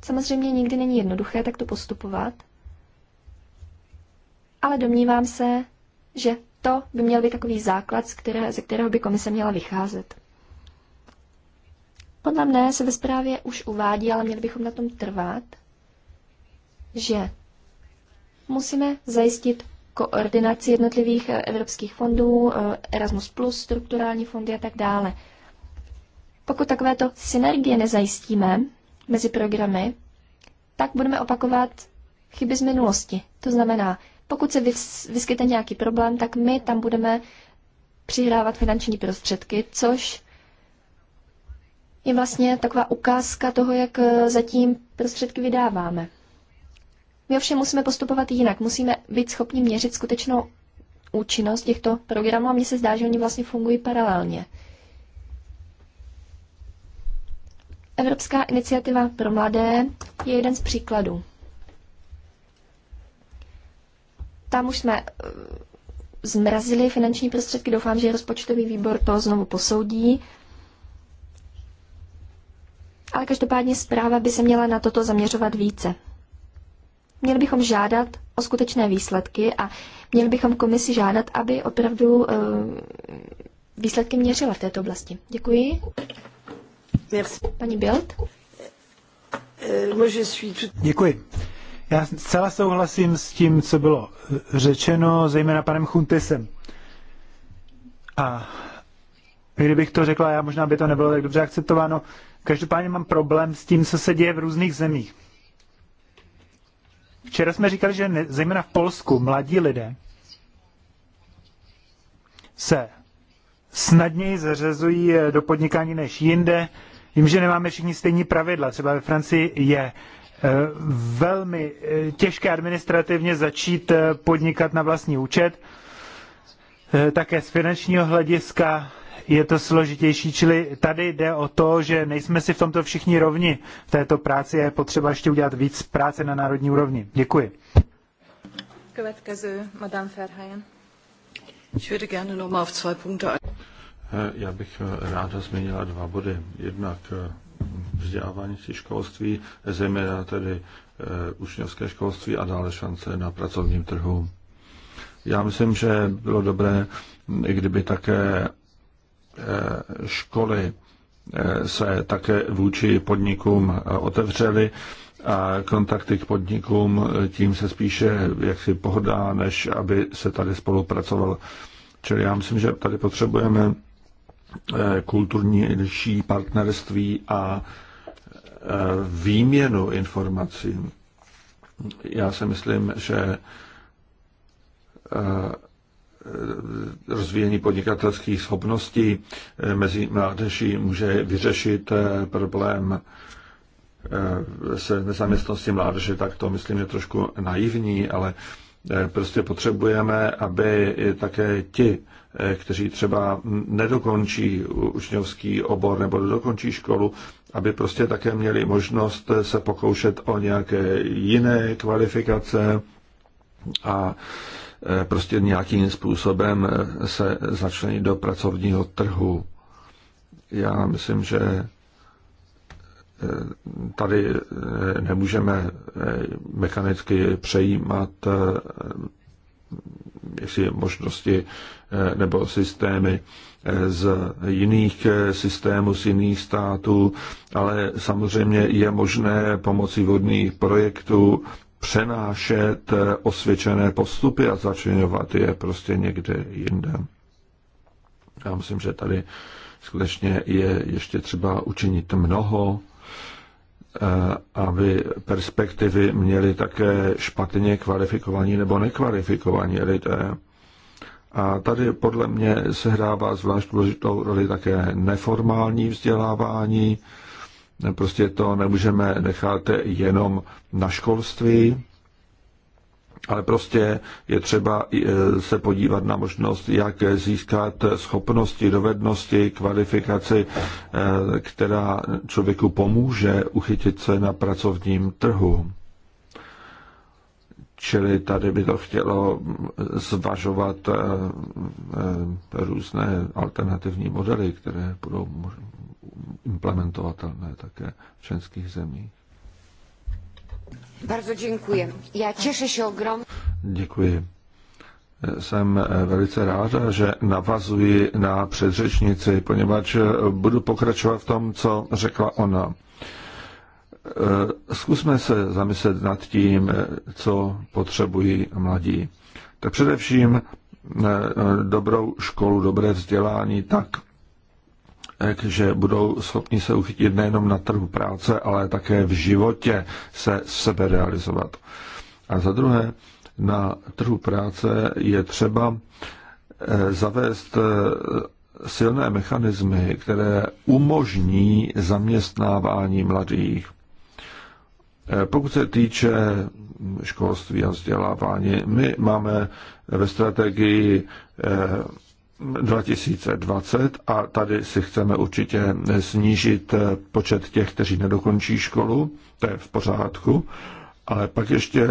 Samozřejmě nikdy není jednoduché takto postupovat, ale domnívám se, že to by měl být takový základ, z které, ze kterého by komise měla vycházet. Podle mne se ve zprávě už uvádí, ale měli bychom na tom trvat, že musíme zajistit koordinaci jednotlivých eh, evropských fondů, eh, Erasmus+, strukturální fondy a tak dále. Pokud takovéto synergie nezajistíme, mezi programy, tak budeme opakovat chyby z minulosti. To znamená, pokud se vyskytne nějaký problém, tak my tam budeme přihrávat finanční prostředky, což je vlastně taková ukázka toho, jak eh, zatím prostředky vydáváme. My ovšem musíme postupovat jinak. Musíme být schopni měřit skutečnou účinnost těchto programů a mně se zdá, že oni vlastně fungují paralelně. Evropská iniciativa pro mladé je jeden z příkladů. Tam už jsme eh, zmrazili finanční prostředky. Doufám, že rozpočtový výbor to znovu posoudí. Ale každopádně zpráva by se měla na toto zaměřovat více. Měli bychom žádat o skutečné výsledky a měli bychom komisi žádat, aby opravdu eh, výsledky měřila v této oblasti. Děkuji. Děkuji. Já zcela souhlasím s tím, co bylo řečeno, zejména panem Chuntisem. A kdybych to řekla, já možná by to nebylo tak dobře akceptováno. Každopádně mám problém s tím, co se děje v různých zemích. Včera jsme říkali, že ne, zejména v Polsku mladí lidé se snadněji zařazují eh, do podnikání než jinde. Vím, že nemáme všichni stejní pravidla. Třeba ve Francii je eh, velmi eh, těžké administrativně začít podnikat na vlastní účet. Také z finančního hlediska je to složitější, čili tady jde o to, že nejsme si v tomto všichni rovni. V této práci je potřeba ještě udělat víc práce na národní úrovni. Děkuji. Következő, Madame Ferhajen. Eh, já bych eh, ráda zmínila dva body. Jednak eh, vzdělávání si školství, zejména tedy učňovské školství a dále šance na pracovním trhu. Já myslím, že bylo dobré, i kdyby také školy se také vůči podnikům otevřely a kontakty k podnikům, tím se spíše jaksi pohodá, než aby se tady spolupracovalo. Čili já myslím, že tady potřebujeme eh, kulturnější partnerství a eh, výměnu informací. Já si myslím, že eh, rozvíjení podnikatelských schopností mezi mládeží může vyřešit problém Eh, se nezaměstnosti mládeže, tak to myslím je trošku naivní, ale eh, prostě potřebujeme, aby také ti, eh, kteří třeba nedokončí učňovský obor nebo nedokončí školu, aby prostě také měli možnost se pokoušet o nějaké jiné kvalifikace a prostě nějakým způsobem se začlenit do pracovního trhu. Já myslím, že tady eh, nemůžeme eh, mechanicky přejímat eh, jestli možnosti nebo systémy z jiných systémů, z jiných států, ale samozřejmě je možné pomocí vodních projektů přenášet osvědčené postupy a začlenovat je prostě někde jinde. Já myslím, že tady skutečně je ještě třeba učinit mnoho Eh, aby perspektivy měli také špatně kvalifikovaní nebo nekvalifikovaní lidé. A tady podle mě se hrává zvlášť důležitou roli také neformální vzdělávání. Prostě to nemůžeme nechat jenom na školství, ale prostě je třeba e, se podívat na možnost, jak získat schopnosti, dovednosti, kvalifikaci, e, která člověku pomůže uchytit se na pracovním trhu. Čili tady by to chtělo mm, zvažovat e, různé alternativní modely, které budou implementovatelné také v členských zemích. Bardzo dziękuję. Já cieszę se ogromnie. Děkuji. Jsem e, velice rád, že navazuji na předřečnici, poněvadž e, budu pokračovat v tom, co řekla ona. E, zkusme se zamyslet nad tím, co potřebují mladí. Tak především dobrou školu, dobré vzdělání tak, že budou schopni se uchytit nejenom na trhu práce, ale také v životě se sebe realizovat. A za druhé, na trhu práce je třeba eh, zavést eh, silné mechanismy, které umožní zaměstnávání mladých. Eh, pokud se týče školství a vzdělávání, my máme ve strategii 2020 a tady si chceme určitě snížit počet těch, kteří nedokončí školu, to je v pořádku, ale pak ještě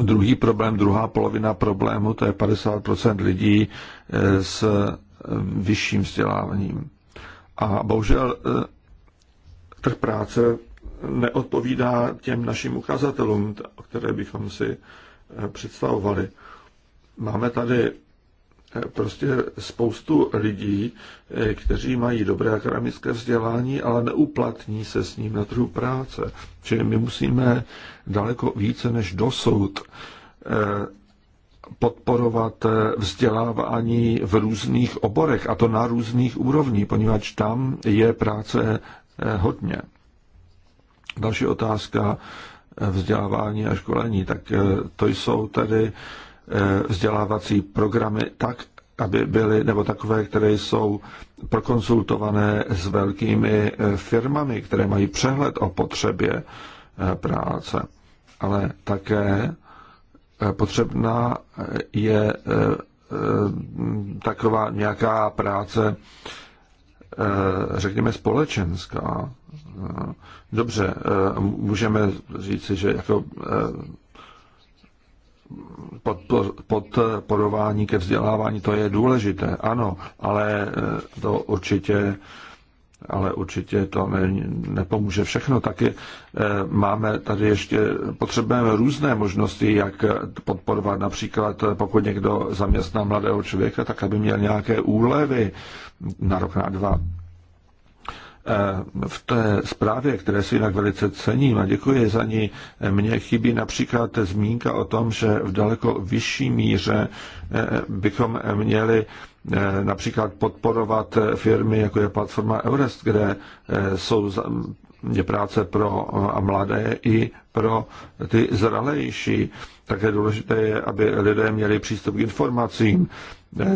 druhý problém, druhá polovina problému, to je 50% lidí eh, s eh, vyšším vzděláním. A bohužel eh, trh práce neodpovídá těm našim ukazatelům, které bychom si představovali. Máme tady prostě spoustu lidí, eh, kteří mají dobré akademické vzdělání, ale neuplatní se s ním na trhu práce. Čili my musíme daleko více než dosud eh, podporovat eh, vzdělávání v různých oborech, a to na různých úrovních, poněvadž tam je práce hodně. Další otázka vzdělávání a školení, tak to jsou tedy Eh, vzdělávací programy tak, aby byly, nebo takové, které jsou prokonsultované s velkými eh, firmami, které mají přehled o potřebě eh, práce. Ale také potřebná je taková nějaká práce, řekněme, společenská. Dobře, můžeme říci, že jako podporování ke vzdělávání, to je důležité, ano, ale eh, to určitě ale určitě to ne, nepomůže všechno. Taky eh, máme tady ještě, potřebujeme různé možnosti, jak podporovat například, pokud někdo zaměstná mladého člověka, tak aby měl nějaké úlevy na rok, na dva. Eh, v té zprávě, které si jinak velice cením a děkuji za ní, eh, mně chybí například zmínka o tom, že v daleko vyšší míře eh, bychom měli například podporovat firmy, jako je platforma Eurest, kde jsou je práce pro mladé i pro ty zralejší. Také důležité je, aby lidé měli přístup k informacím,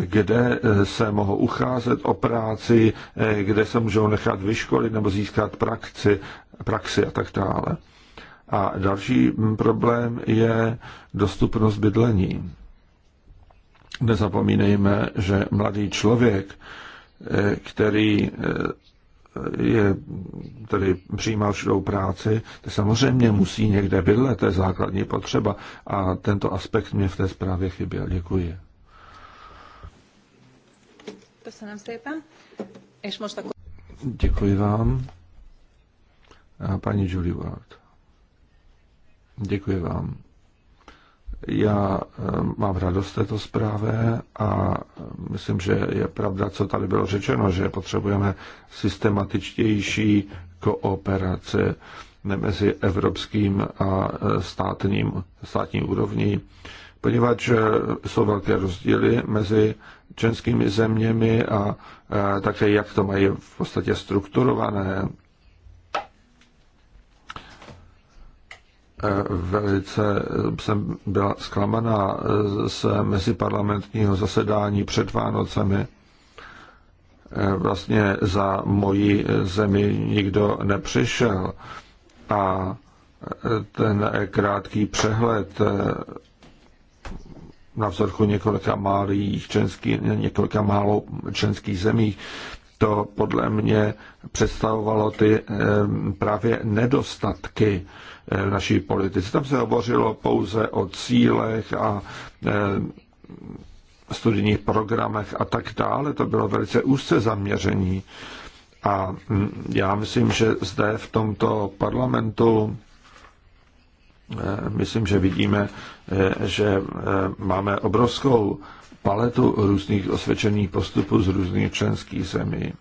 kde eh, se mohou ucházet o práci, eh, kde se můžou nechat vyškolit nebo získat praxi, praxi a tak dále. A další mm, problém je dostupnost bydlení. Nezapomínejme, že mladý člověk, eh, který je, tedy přijímá všudou práci, to samozřejmě musí někde bydlet, to je základní potřeba. A tento aspekt mě v té zprávě chyběl. Děkuji. Köszönöm szépen. És most akkor... Děkuji vám. A paní Julie Ward. Děkuji vám. Já eh, mám radost této zprávy a eh, myslím, že je pravda, co tady bylo řečeno, že potřebujeme systematičtější kooperace mezi evropským a eh, státním, státní úrovní poněvadž eh, jsou velké rozdíly mezi členskými zeměmi a eh, také jak to mají v podstatě strukturované. Eh, velice jsem byla zklamaná z meziparlamentního zasedání před Vánocemi. Vlastně za moji zemi nikdo nepřišel a ten krátký přehled na vzorku několika malých členských, několika málo členských zemích, to podle mě představovalo ty eh, právě nedostatky eh, naší politice. Tam se hovořilo pouze o cílech a eh, studijních programech a tak dále. To bylo velice úzce zaměření. A mm, já myslím, že zde v tomto parlamentu Eh, myslím, že vidíme, eh, že eh, máme obrovskou paletu různých osvědčených postupů z různých členských zemí.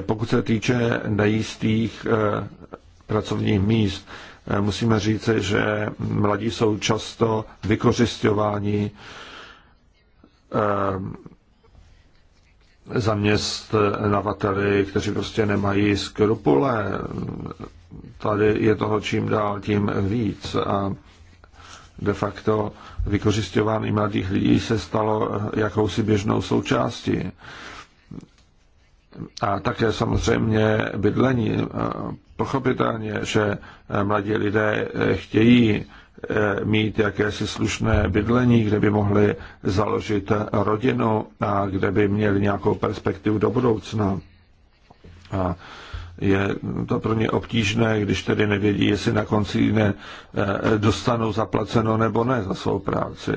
Pokud se týče nejistých pracovních míst, musíme říct, že mladí jsou často vykořišťováni zaměstnavateli, kteří prostě nemají skrupule, tady je toho čím dál tím víc a de facto vykořišťování mladých lidí se stalo jakousi běžnou součástí. A také samozřejmě bydlení. Pochopitelně, že mladí lidé chtějí eh, mít jakési slušné bydlení, kde by mohli založit rodinu a kde by měli nějakou perspektivu do budoucna. A je to pro ně obtížné, když tedy nevědí, jestli na konci ne eh, dostanou zaplaceno nebo ne za svou práci.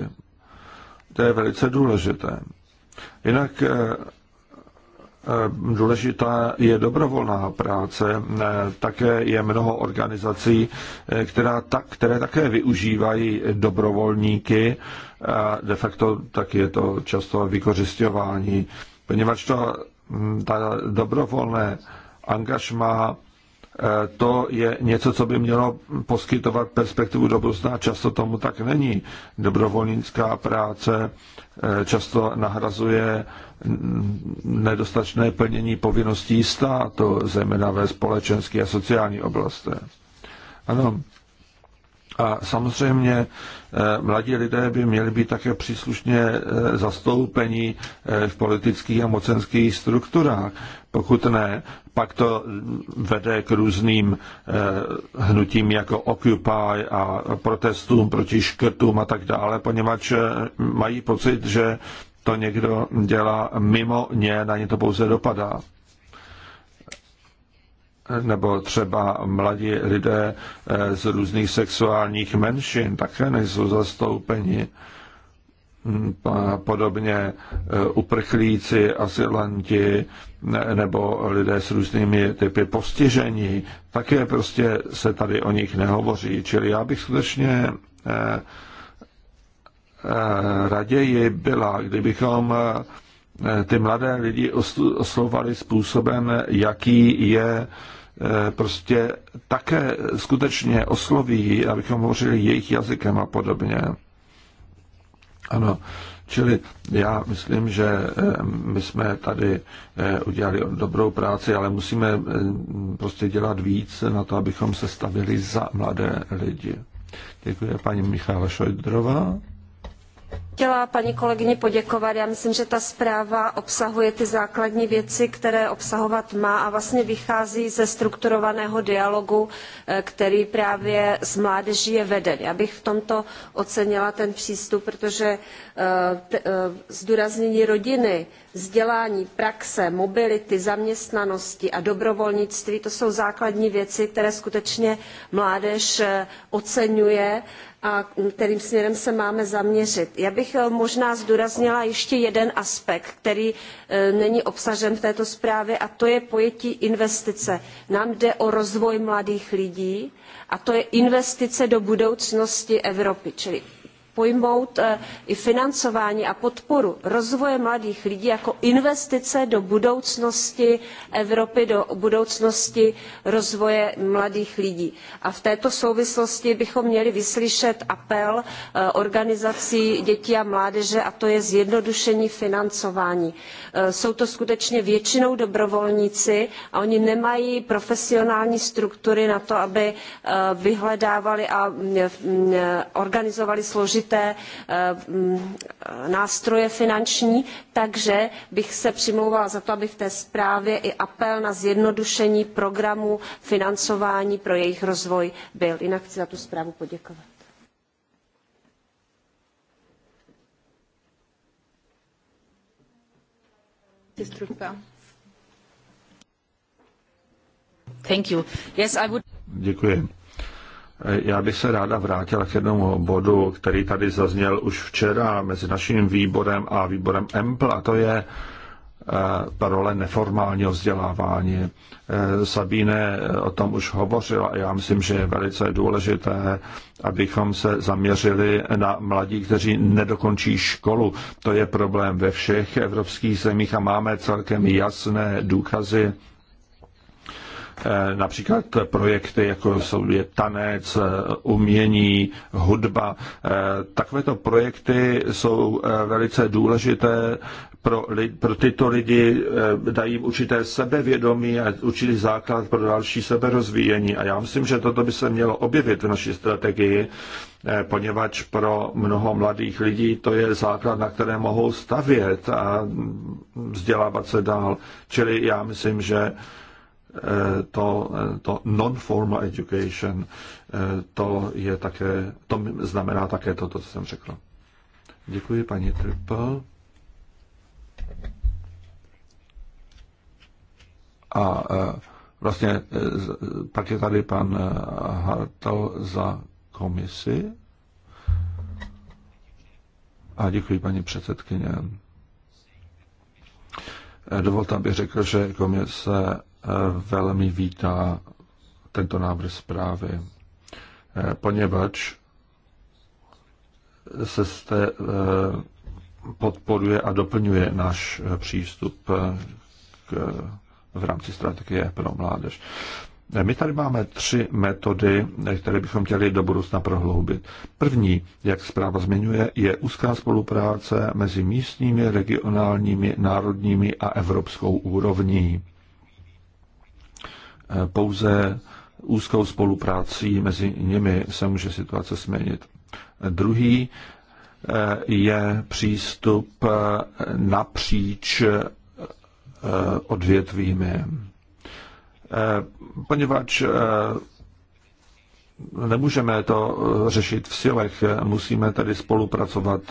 To je velice důležité. Jinak eh, eh, důležitá je dobrovolná práce. Také je mnoho organizací, která tak, které také využívají dobrovolníky. De facto tak je to často vykořišťování, poněvadž to, hm, ta dobrovolné angažma, eh, to je něco, co by mělo poskytovat perspektivu do budoucna. Často tomu tak není. Dobrovolnická práce eh, často nahrazuje nedostatečné plnění povinností státu, zejména ve společenské a sociální oblasti. Ano, a samozřejmě eh, mladí lidé by měli být také příslušně eh, zastoupení eh, v politických a mocenských strukturách. Pokud ne, pak to vede k různým hnutím jako Occupy a protestům proti škrtům a tak dále, poněvadž mají pocit, že to někdo dělá mimo ně, na ně to pouze dopadá nebo třeba mladí lidé eh, z různých sexuálních menšin také nejsou zastoupeni. Mm, podobně eh, uprchlíci, asilanti nebo lidé s různými typy postižení, také prostě se tady o nich nehovoří. Čili já bych skutečně eh, raději byla, kdybychom ty mladé lidi oslovali způsobem, jaký je Eh, prostě také skutečně osloví, abychom hovořili jejich jazykem a podobně. Ano, čili já myslím, že eh, my jsme tady eh, udělali dobrou práci, ale musíme prostě dělat víc na to, abychom se stavili za mladé lidi. Děkuji paní Michála Šojdrová chtěla paní kolegyni poděkovat. Já myslím, že ta zpráva obsahuje ty základní věci, které obsahovat má a vlastně vychází ze strukturovaného dialogu, eh, který právě s mládeží je veden. Já bych v tomto ocenila ten přístup, protože eh, eh, zdůraznění rodiny, vzdělání, praxe, mobility, zaměstnanosti a dobrovolnictví, to jsou základní věci, které skutečně mládež oceňuje a kterým směrem se máme zaměřit. Já bych eh, možná zdůraznila ještě jeden aspekt, který eh, není obsažen v této zprávě a to je pojetí investice. Nám jde o rozvoj mladých lidí a to je investice do budoucnosti Evropy, čili pojmout eh, i financování a podporu rozvoje mladých lidí jako investice do budoucnosti Evropy, do budoucnosti rozvoje mladých lidí. A v této souvislosti bychom měli vyslyšet apel eh, organizací dětí a mládeže, a to je zjednodušení financování. Eh, jsou to skutečně většinou dobrovolníci a oni nemají profesionální struktury na to, aby vyhledávali a mm, mm, organizovali složitý určité eh, mm, nástroje finanční, takže bych se přimlouvala za to, aby v té zprávě i apel na zjednodušení programu financování pro jejich rozvoj byl. Jinak chci za tu zprávu poděkovat. Děkuji. Já bych se ráda vrátila k jednomu bodu, který tady zazněl už včera mezi naším výborem a výborem EMPL, a to je eh, role neformálního vzdělávání. Eh, Sabíne o tom už hovořila a já myslím, že je velice důležité, abychom se zaměřili na mladí, kteří nedokončí školu. To je problém ve všech evropských zemích a máme celkem jasné důkazy Eh, například projekty, jako jsou je tanec, eh, umění, hudba. Eh, takovéto projekty jsou velice důležité pro, lidi, pro tyto lidi, dají jim určité sebevědomí a určitý základ pro další seberozvíjení. A já myslím, že toto by se mělo objevit v naší strategii, poněvadž pro mnoho mladých lidí to je základ, na které mohou stavět a mm, vzdělávat se dál. Čili já myslím, že Eh, to, eh, to non-formal education, eh, to, je také, to znamená také to, to co jsem řekl. Děkuji, paní Triple. A vlastně pak je tady pan Hartel za komisi. A děkuji, paní předsedkyně. Dovolte, abych řekl, že komise velmi vítá tento návrh zprávy, eh, poněvadž se zde eh, podporuje a doplňuje náš eh, přístup k, v rámci strategie pro mládež. My tady máme tři metody, které bychom chtěli do budoucna prohloubit. První, jak zpráva zmiňuje, je úzká spolupráce mezi místními, regionálními, národními a evropskou úrovní pouze úzkou spoluprácí mezi nimi se může situace změnit. Druhý eh, je přístup eh, napříč eh, odvětvími. Poněvadž nemůžeme to řešit v silech, musíme tedy spolupracovat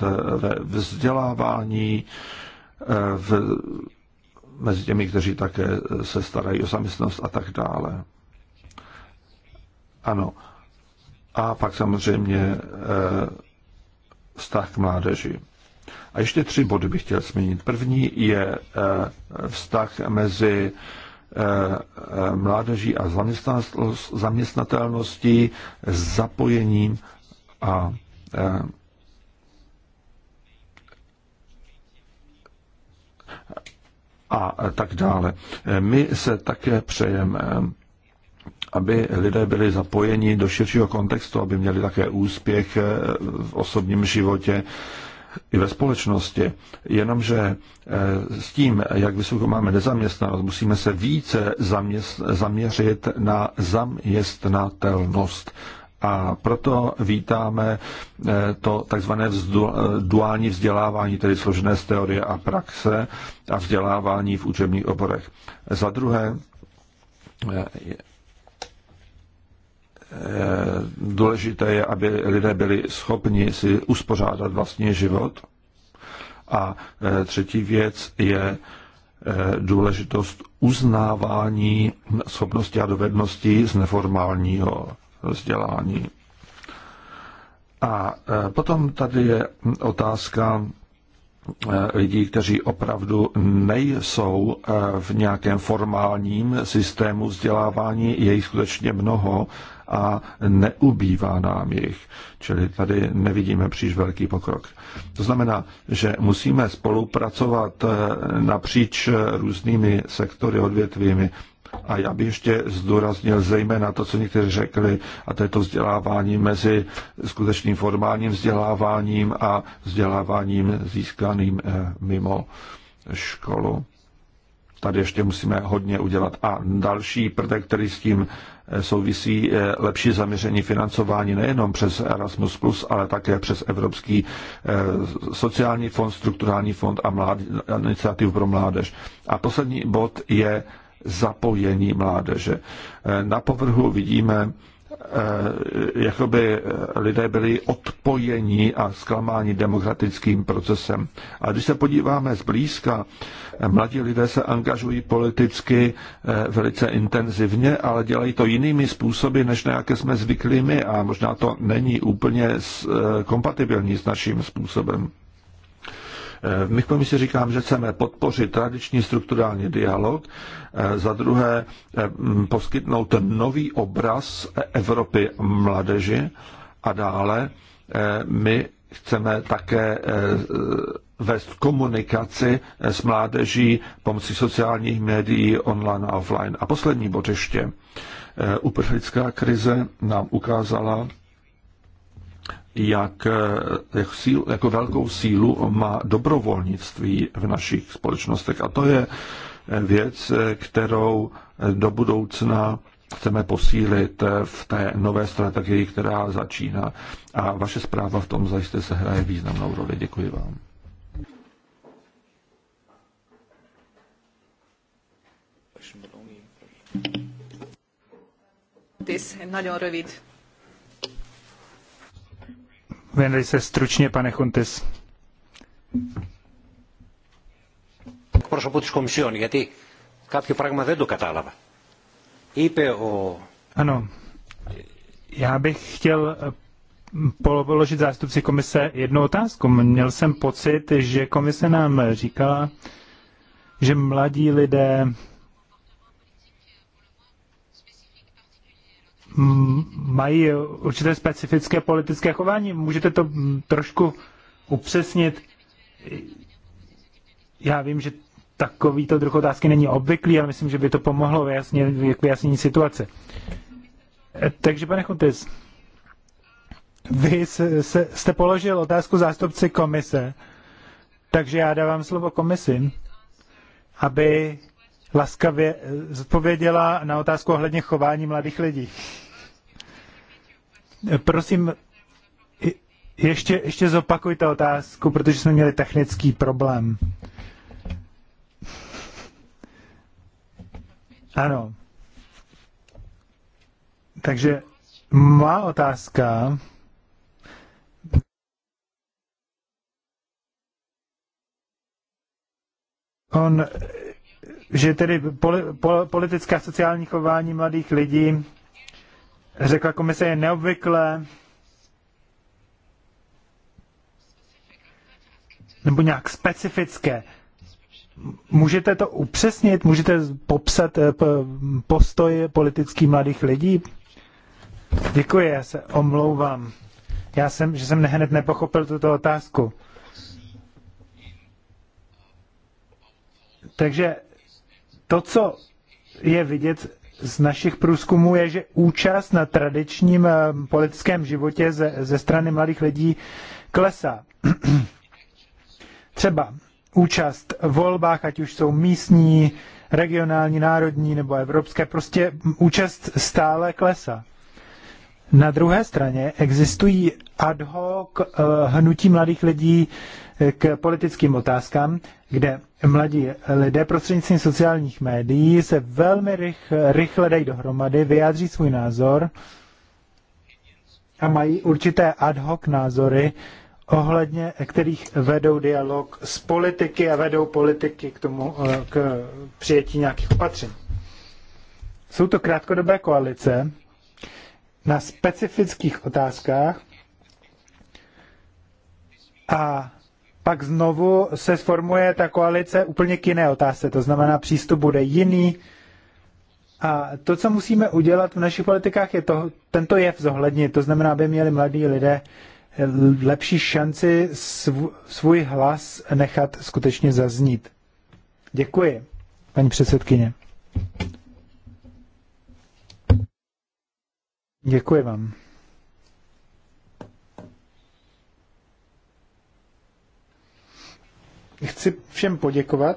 ve vzdělávání, v mezi těmi, kteří také se starají o samistnost a tak dále. Ano. A pak samozřejmě eh, vztah k mládeži. A ještě tři body bych chtěl změnit. První je eh, vztah mezi eh, mládeží a zaměstnatelností, zapojením a a tak dále. My se také přejeme, aby lidé byli zapojeni do širšího kontextu, aby měli také úspěch eh, v osobním životě i ve společnosti. Jenomže eh, s tím, jak vysoko máme nezaměstnanost, musíme se více zaměřit na zaměstnatelnost. A proto vítáme eh, to takzvané eh, duální vzdělávání, tedy složené z teorie a praxe a vzdělávání v učebních oborech. Za druhé, eh, důležité je, aby lidé byli schopni si uspořádat vlastní život. A třetí věc je důležitost uznávání schopnosti a dovedností z neformálního vzdělání. A e, potom tady je otázka e, lidí, kteří opravdu nejsou e, v nějakém formálním systému vzdělávání, je jich skutečně mnoho a neubývá nám jich. Čili tady nevidíme příliš velký pokrok. To znamená, že musíme spolupracovat napříč různými sektory odvětvími. A já bych ještě zdůraznil zejména to, co někteří řekli, a to je to vzdělávání mezi skutečným formálním vzděláváním a vzděláváním získaným eh, mimo školu. Tady ještě musíme hodně udělat. A další prvek, který s tím eh, souvisí, je lepší zaměření financování nejenom přes Erasmus, ale také přes Evropský eh, sociální fond, strukturální fond a mlád, iniciativu pro mládež. A poslední bod je zapojení mládeže. Eh, na povrhu vidíme, eh, jakoby eh, lidé byli odpojení a zklamáni demokratickým procesem. A když se podíváme zblízka, mladí lidé se angažují politicky velice intenzivně, ale dělají to jinými způsoby, než na jaké jsme zvyklí my a možná to není úplně kompatibilní s naším způsobem. Eh, my v komisi říkám, že chceme podpořit tradiční strukturální dialog, eh, za druhé eh, poskytnout nový obraz Evropy mládeži a dále my chceme také vést komunikaci s mládeží pomocí sociálních médií online a offline. A poslední bod ještě. Uprchlická krize nám ukázala, jak, eh, jak síl, jako velkou sílu má dobrovolnictví v našich společnostech. A to je eh, věc, eh, kterou do budoucna chceme posílit v té nové strategii, která začíná. A vaše zpráva v tom zajistě se hraje významnou roli. Děkuji vám. This, nagyon rövid Věnuj se stručně, pane Chuntis. Πρόσωπο της Κομισιόν, γιατί κάποιο πράγμα δεν το κατάλαβα. Είπε ο... Ano, já bych chtěl eh, položit zástupci komise jednu otázku. Měl jsem pocit, že komise nám říkala, že mladí lidé mají určité specifické politické chování. Můžete to trošku upřesnit? Já vím, že takovýto druh otázky není obvyklý, ale myslím, že by to pomohlo vyjasnit, k vyjasnění situace. E, takže, pane Chutis, vy se, se, jste položil otázku zástupci komise, takže já dávám slovo komisi, aby laskavě eh, zodpověděla na otázku ohledně chování mladých lidí. Eh, prosím, ještě, ještě zopakujte otázku, protože jsme měli technický problém. Ano. Takže má otázka On že tedy politické a sociální chování mladých lidí, řekla komise, je neobvyklé, nebo nějak specifické. Můžete to upřesnit? Můžete popsat eh, postoje politických mladých lidí? Děkuji, já se omlouvám. Já jsem, že jsem hned nepochopil tuto otázku. Takže to, co je vidět z našich průzkumů, je, že účast na tradičním eh, politickém životě ze, ze strany mladých lidí klesá. [clears throat] Třeba účast v volbách, ať už jsou místní, regionální, národní nebo evropské, prostě účast stále klesá. Na druhé straně existují ad hoc eh, hnutí mladých lidí eh, k politickým otázkám, kde mladí lidé prostřednictvím sociálních médií se velmi rych, rychle dají dohromady, vyjádří svůj názor a mají určité ad hoc názory, ohledně kterých vedou dialog s politiky a vedou politiky k tomu, eh, k přijetí nějakých opatření. Jsou to krátkodobé koalice na specifických otázkách a pak znovu se sformuje ta koalice úplně k jiné otázce. To znamená, přístup bude jiný. A to, co musíme udělat v našich politikách, je to, tento jev zohlednit. To znamená, aby měli mladí lidé eh, lepší šanci svůj hlas nechat skutečně zaznít. Děkuji, paní předsedkyně. Děkuji vám. Chci všem poděkovat.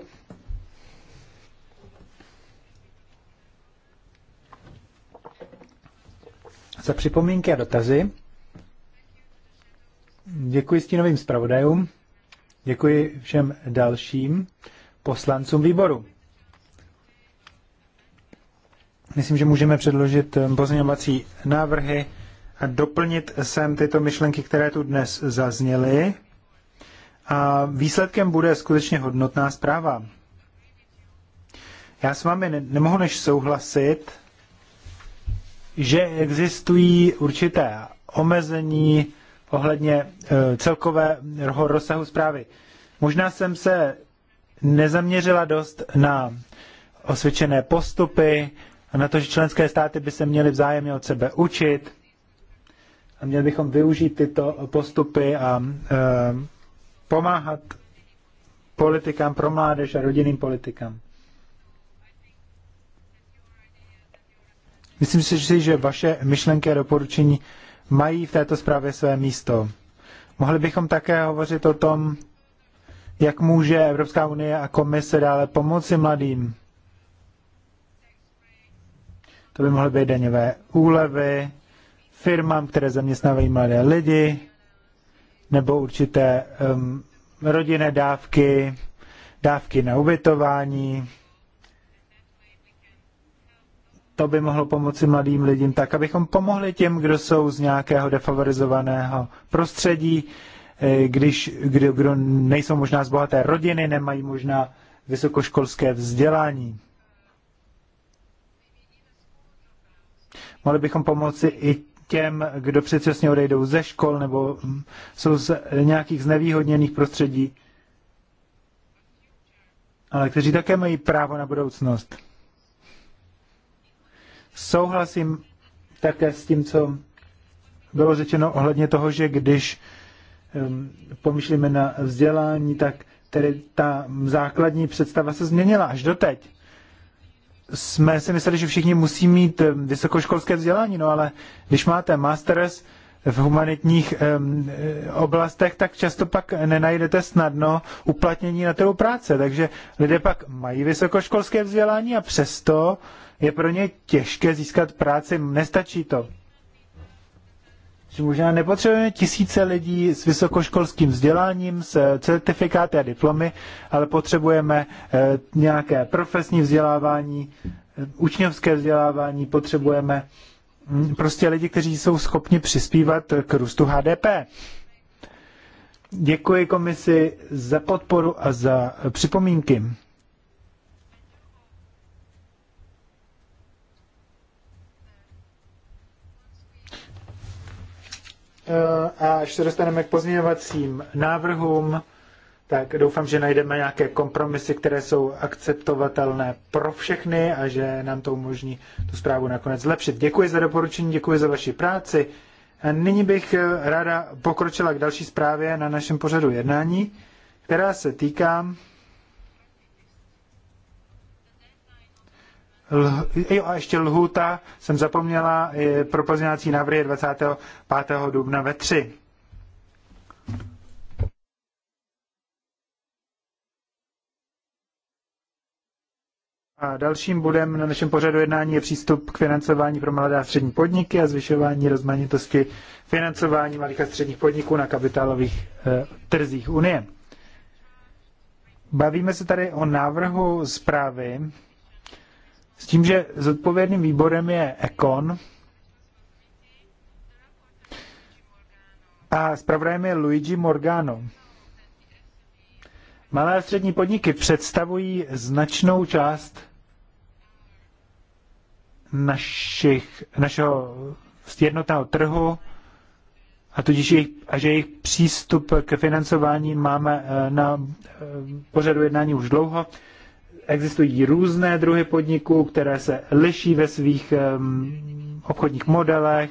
za připomínky a dotazy. Děkuji stínovým zpravodajům. Děkuji všem dalším poslancům výboru. Myslím, že můžeme předložit eh, pozměňovací návrhy a doplnit sem tyto myšlenky, které tu dnes zazněly a výsledkem bude skutečně hodnotná zpráva. Já s vámi nemohu než souhlasit, že existují určité omezení ohledně e, celkového rozsahu zprávy. Možná jsem se nezaměřila dost na osvědčené postupy a na to, že členské státy by se měly vzájemně od sebe učit a měli bychom využít tyto postupy a e, pomáhat politikám pro mládež a rodinným politikám. Myslím si, že vaše myšlenky a doporučení mají v této zprávě své místo. Mohli bychom také hovořit o tom, jak může Evropská unie a komise dále pomoci mladým. To by mohly být daňové úlevy firmám, které zaměstnávají mladé lidi, nebo určité um, rodinné dávky, dávky na ubytování. To by mohlo pomoci mladým lidem tak, abychom pomohli těm, kdo jsou z nějakého defavorizovaného prostředí, e, když, kdo, kdo nejsou možná z bohaté rodiny, nemají možná vysokoškolské vzdělání. Mohli bychom pomoci i těm, kdo předčasně odejdou ze škol nebo jsou z nějakých znevýhodněných prostředí, ale kteří také mají právo na budoucnost. Souhlasím také s tím, co bylo řečeno ohledně toho, že když pomýšlíme na vzdělání, tak tedy ta základní představa se změnila až doteď jsme si mysleli, že všichni musí mít eh, vysokoškolské vzdělání, no ale když máte masters v humanitních um, oblastech, tak často pak nenajdete snadno uplatnění na trhu práce. Takže lidé pak mají vysokoškolské vzdělání a přesto je pro ně těžké získat práci. Nestačí to že možná nepotřebujeme tisíce lidí s vysokoškolským vzděláním, s eh, certifikáty a diplomy, ale potřebujeme eh, nějaké profesní vzdělávání, eh, učňovské vzdělávání, potřebujeme hm, prostě lidi, kteří jsou schopni přispívat k růstu HDP. Děkuji komisi za podporu a za připomínky. a až se dostaneme k pozměňovacím návrhům, tak doufám, že najdeme nějaké kompromisy, které jsou akceptovatelné pro všechny a že nám to umožní tu zprávu nakonec zlepšit. Děkuji za doporučení, děkuji za vaši práci. A nyní bych ráda pokročila k další zprávě na našem pořadu jednání, která se týká jo, a ještě lhuta, jsem zapomněla, je, pro pozměňovací návrhy je 25. dubna ve 3. A dalším bodem na našem pořadu jednání je přístup k financování pro mladé a střední podniky a zvyšování rozmanitosti financování malých a středních podniků na kapitálových eh, trzích Unie. Bavíme se tady o návrhu zprávy s tím, že zodpovědným výborem je Ekon a zpravodajem je Luigi Morgano. Malé a střední podniky představují značnou část našich, našeho jednotného trhu a tudíž jejich, a že jejich přístup k financování máme eh, na eh, pořadu jednání už dlouho existují různé druhy podniků, které se liší ve svých obchodních modelech,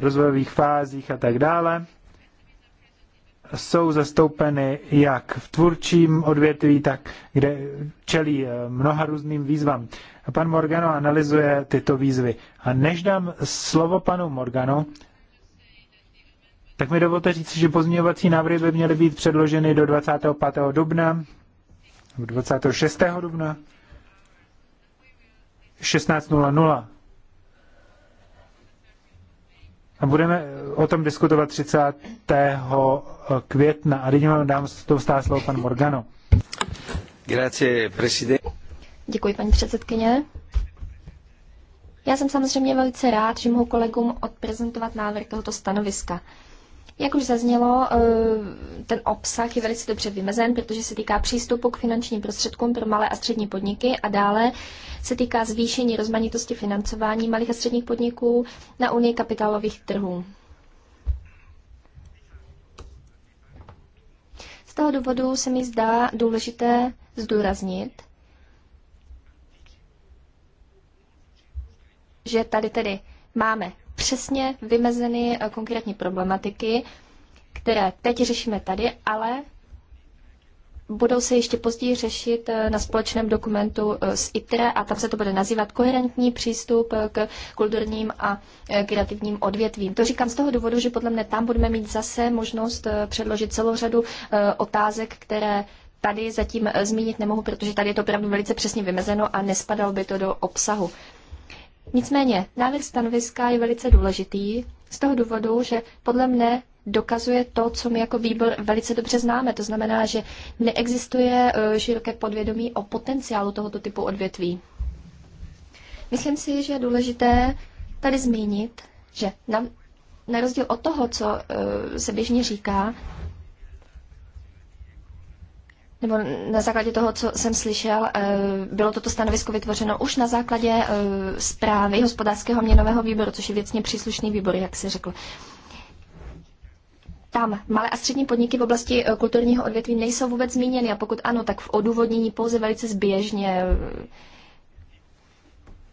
rozvojových fázích a tak dále. Jsou zastoupeny jak v tvůrčím odvětví, tak kde čelí eh, mnoha různým výzvám. A pan Morgano analyzuje tyto výzvy. A než dám slovo panu Morgano, tak mi dovolte říct, že pozměňovací návrhy by měly být předloženy do 25. dubna 26. dubna 16.00. A budeme o tom diskutovat 30. května. A nyní vám dám to vstát slovo pan Morgano. Grazie, president. Děkuji, paní předsedkyně. Já jsem samozřejmě velice rád, že mohu kolegům odprezentovat návrh tohoto stanoviska. Jak už zaznělo, eh, ten obsah je velice dobře vymezen, protože se týká přístupu k finančním prostředkům pro malé a střední podniky a dále se týká zvýšení rozmanitosti financování malých a středních podniků na unii kapitálových trhů. Z toho důvodu se mi zdá důležité zdůraznit, že tady tedy máme přesně vymezeny eh, konkrétní problematiky, které teď řešíme tady, ale budou se ještě později řešit eh, na společném dokumentu s eh, ITRE a tam se to bude nazývat koherentní přístup k kulturním a kreativním odvětvím. To říkám z toho důvodu, že podle mne tam budeme mít zase možnost předložit celou řadu otázek, které tady zatím zmínit nemohu, protože tady je to opravdu velice přesně vymezeno a nespadalo by to do obsahu Nicméně návrh stanoviska je velice důležitý z toho důvodu, že podle mne dokazuje to, co my jako výbor velice dobře známe. To znamená, že neexistuje e, široké podvědomí o potenciálu tohoto typu odvětví. Myslím si, že je důležité tady zmínit, že na, na rozdíl od toho, co e, se běžně říká, nebo na základě toho, co jsem slyšel, eh, bylo toto stanovisko vytvořeno už na základě eh, zprávy hospodářského měnového výboru, což je věcně příslušný výbor, jak se řekl. Tam malé a střední podniky v oblasti eh, kulturního odvětví nejsou vůbec zmíněny a pokud ano, tak v odůvodnění pouze velice zběžně.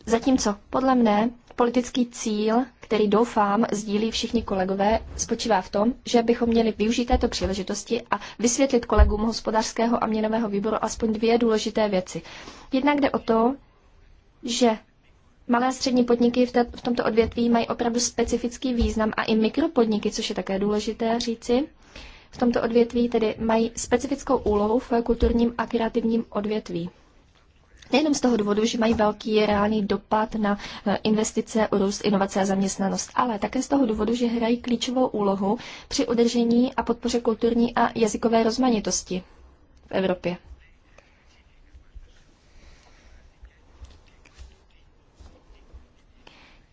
Zatímco podle mne politický cíl který doufám sdílí všichni kolegové, spočívá v tom, že bychom měli využít této příležitosti a vysvětlit kolegům hospodářského a měnového výboru aspoň dvě důležité věci. Jednak jde o to, že malé a střední podniky v, v tomto odvětví mají opravdu specifický význam a i mikropodniky, což je také důležité říci, v tomto odvětví tedy mají specifickou úlohu v kulturním a kreativním odvětví. Nejenom z toho důvodu, že mají velký reálný dopad na eh, investice, růst, inovace a zaměstnanost, ale také z toho důvodu, že hrají klíčovou úlohu při udržení a podpoře kulturní a jazykové rozmanitosti v Evropě.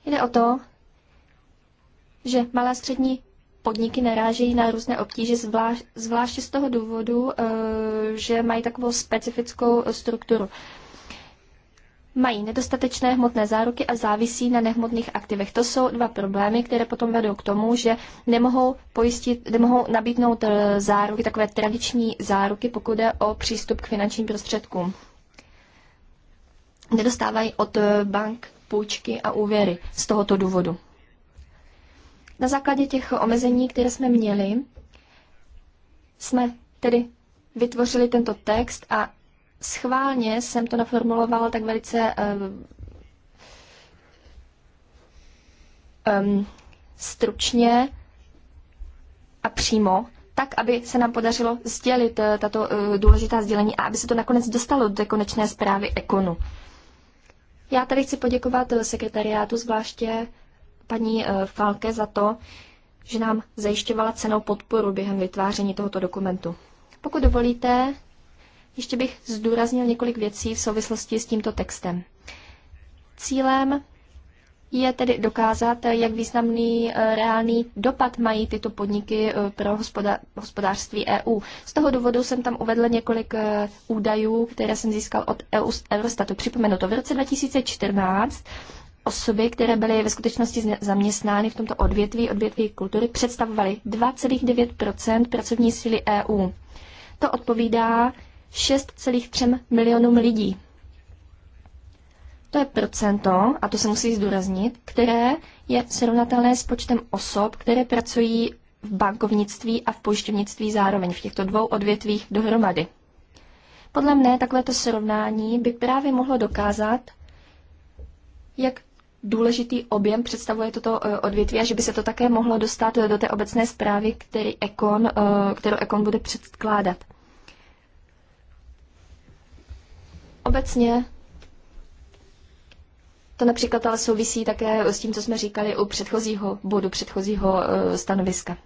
Jde o to, že malé střední podniky narážejí na různé obtíže, zvlášť, zvláště z toho důvodu, eh, že mají takovou specifickou strukturu mají nedostatečné hmotné záruky a závisí na nehmotných aktivech. To jsou dva problémy, které potom vedou k tomu, že nemohou, pojistit, nemohou nabídnout eh, záruky, takové tradiční záruky, pokud jde o přístup k finančním prostředkům. Nedostávají od eh, bank půjčky a úvěry z tohoto důvodu. Na základě těch omezení, které jsme měli, jsme tedy vytvořili tento text a schválně jsem to naformulovala tak velice um, um, stručně a přímo, tak, aby se nám podařilo sdělit eh, tato uh, důležitá sdělení a aby se to nakonec dostalo do konečné zprávy Ekonu. Já tady chci poděkovat eh, sekretariátu, zvláště paní uh, Falke, za to, že nám zajišťovala cenou podporu během vytváření tohoto dokumentu. Pokud dovolíte, ještě bych zdůraznil několik věcí v souvislosti s tímto textem. Cílem je tedy dokázat, jak významný eh, reálný dopad mají tyto podniky eh, pro hospodářství EU. Z toho důvodu jsem tam uvedl několik eh, údajů, které jsem získal od EU, Eurostatu. Připomenu to, v roce 2014 osoby, které byly ve skutečnosti zaměstnány v tomto odvětví, odvětví kultury, představovaly 2,9 pracovní síly EU. To odpovídá 6,3 milionům lidí. To je procento, a to se musí zdůraznit, které je srovnatelné s počtem osob, které pracují v bankovnictví a v pojišťovnictví zároveň v těchto dvou odvětvích dohromady. Podle mne takovéto srovnání by právě mohlo dokázat, jak důležitý objem představuje toto e, odvětví a že by se to také mohlo dostat do té obecné zprávy, který Ekon, e, kterou Ekon bude předkládat. Obecně to například ale souvisí také s tím, co jsme říkali u předchozího bodu, předchozího eh, stanoviska.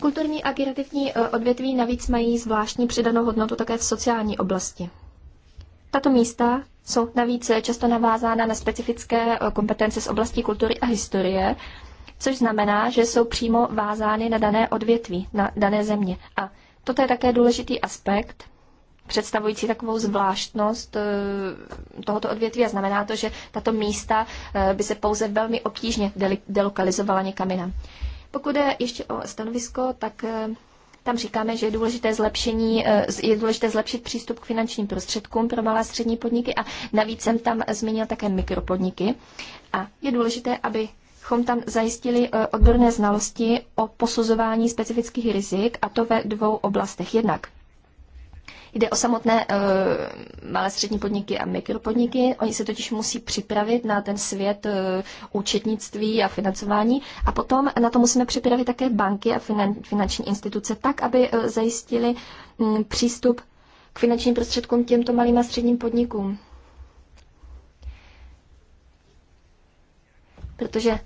Kulturní a kreativní eh, odvětví navíc mají zvláštní přidanou hodnotu také v sociální oblasti. Tato místa jsou navíc často navázána na specifické eh, kompetence z oblasti kultury a historie, což znamená, že jsou přímo vázány na dané odvětví, na dané země. A Toto je také důležitý aspekt, představující takovou zvláštnost eh, tohoto odvětví a znamená to, že tato místa eh, by se pouze velmi obtížně delokalizovala někam jinam. Pokud je ještě o stanovisko, tak eh, tam říkáme, že je důležité, zlepšení, je důležité zlepšit přístup k finančním prostředkům pro malé a střední podniky a navíc jsem tam zmínil také mikropodniky. A je důležité, aby chom tam zajistili eh, odborné znalosti o posuzování specifických rizik, a to ve dvou oblastech. Jednak Jde o samotné eh, malé střední podniky a mikropodniky. Oni se totiž musí připravit na ten svět eh, účetnictví a financování. A potom na to musíme připravit také banky a finanční instituce tak, aby zajistili mm, přístup k finančním prostředkům těmto malým a středním podnikům. Protože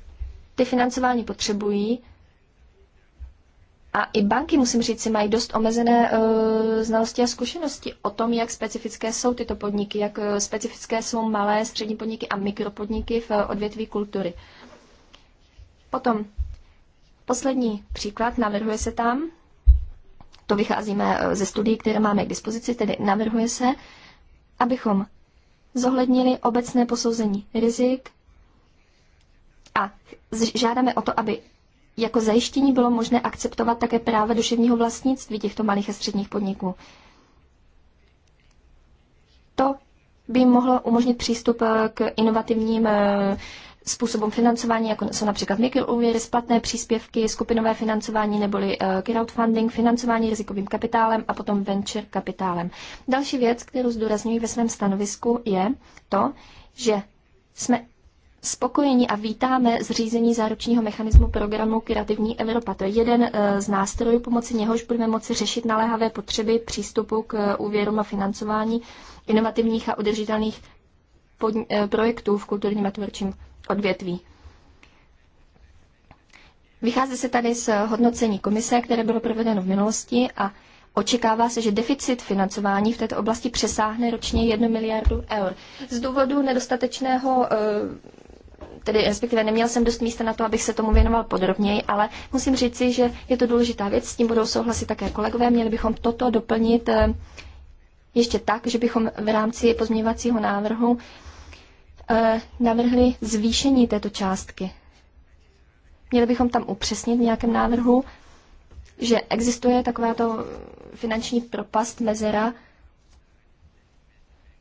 ty financování potřebují a i banky, musím říct, si mají dost omezené uh, znalosti a zkušenosti o tom, jak specifické jsou tyto podniky, jak eh, specifické jsou malé, střední podniky a mikropodniky v eh, odvětví kultury. Potom poslední příklad, navrhuje se tam, to vycházíme ze studií, které máme k dispozici, tedy navrhuje se, abychom zohlednili obecné posouzení rizik a žádáme o to, aby jako zajištění bylo možné akceptovat také práva duševního vlastnictví těchto malých a středních podniků. To by mohlo umožnit přístup eh, k inovativním eh, způsobům financování, jako jsou například mikroúvěry, splatné příspěvky, skupinové financování neboli eh, crowdfunding, financování rizikovým kapitálem a potom venture kapitálem. Další věc, kterou zdůrazňuji ve svém stanovisku, je to, že jsme spokojeni a vítáme zřízení záručního mechanismu programu Kreativní Evropa. To je jeden eh, z nástrojů, pomocí něhož budeme moci řešit naléhavé potřeby přístupu k eh, úvěrům a financování inovativních a udržitelných eh, projektů v kulturním a tvůrčím odvětví. Vychází se tady z hodnocení komise, které bylo provedeno v minulosti a Očekává se, že deficit financování v této oblasti přesáhne ročně 1 miliardu eur. Z důvodu nedostatečného tedy respektive neměl jsem dost místa na to, abych se tomu věnoval podrobněji, ale musím říci, že je to důležitá věc, s tím budou souhlasit také kolegové, měli bychom toto doplnit eh, ještě tak, že bychom v rámci pozměňovacího návrhu eh, navrhli zvýšení této částky. Měli bychom tam upřesnit v nějakém návrhu, že existuje takováto finanční propast, mezera